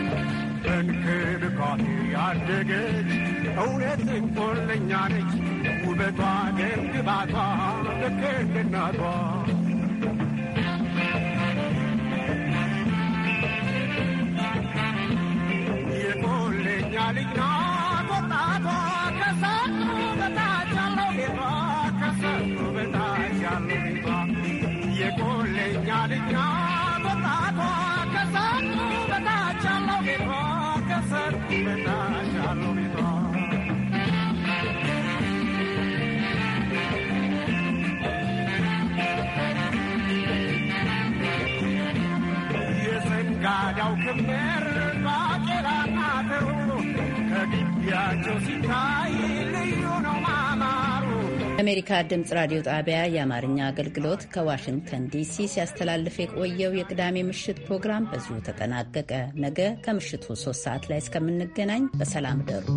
በእንክብካቤ ያደገች እውነት እንቆለኛ ነች ውበቷ ደምግባቷ ልክ የቆለኛ ልጅ ናት። ከግቢያቸው ሲታይ ልዩ ነው ማማሩ። የአሜሪካ ድምፅ ራዲዮ ጣቢያ የአማርኛ አገልግሎት ከዋሽንግተን ዲሲ ሲያስተላልፍ የቆየው የቅዳሜ ምሽት ፕሮግራም በዚሁ ተጠናቀቀ። ነገ ከምሽቱ ሶስት ሰዓት ላይ እስከምንገናኝ በሰላም ደሩ።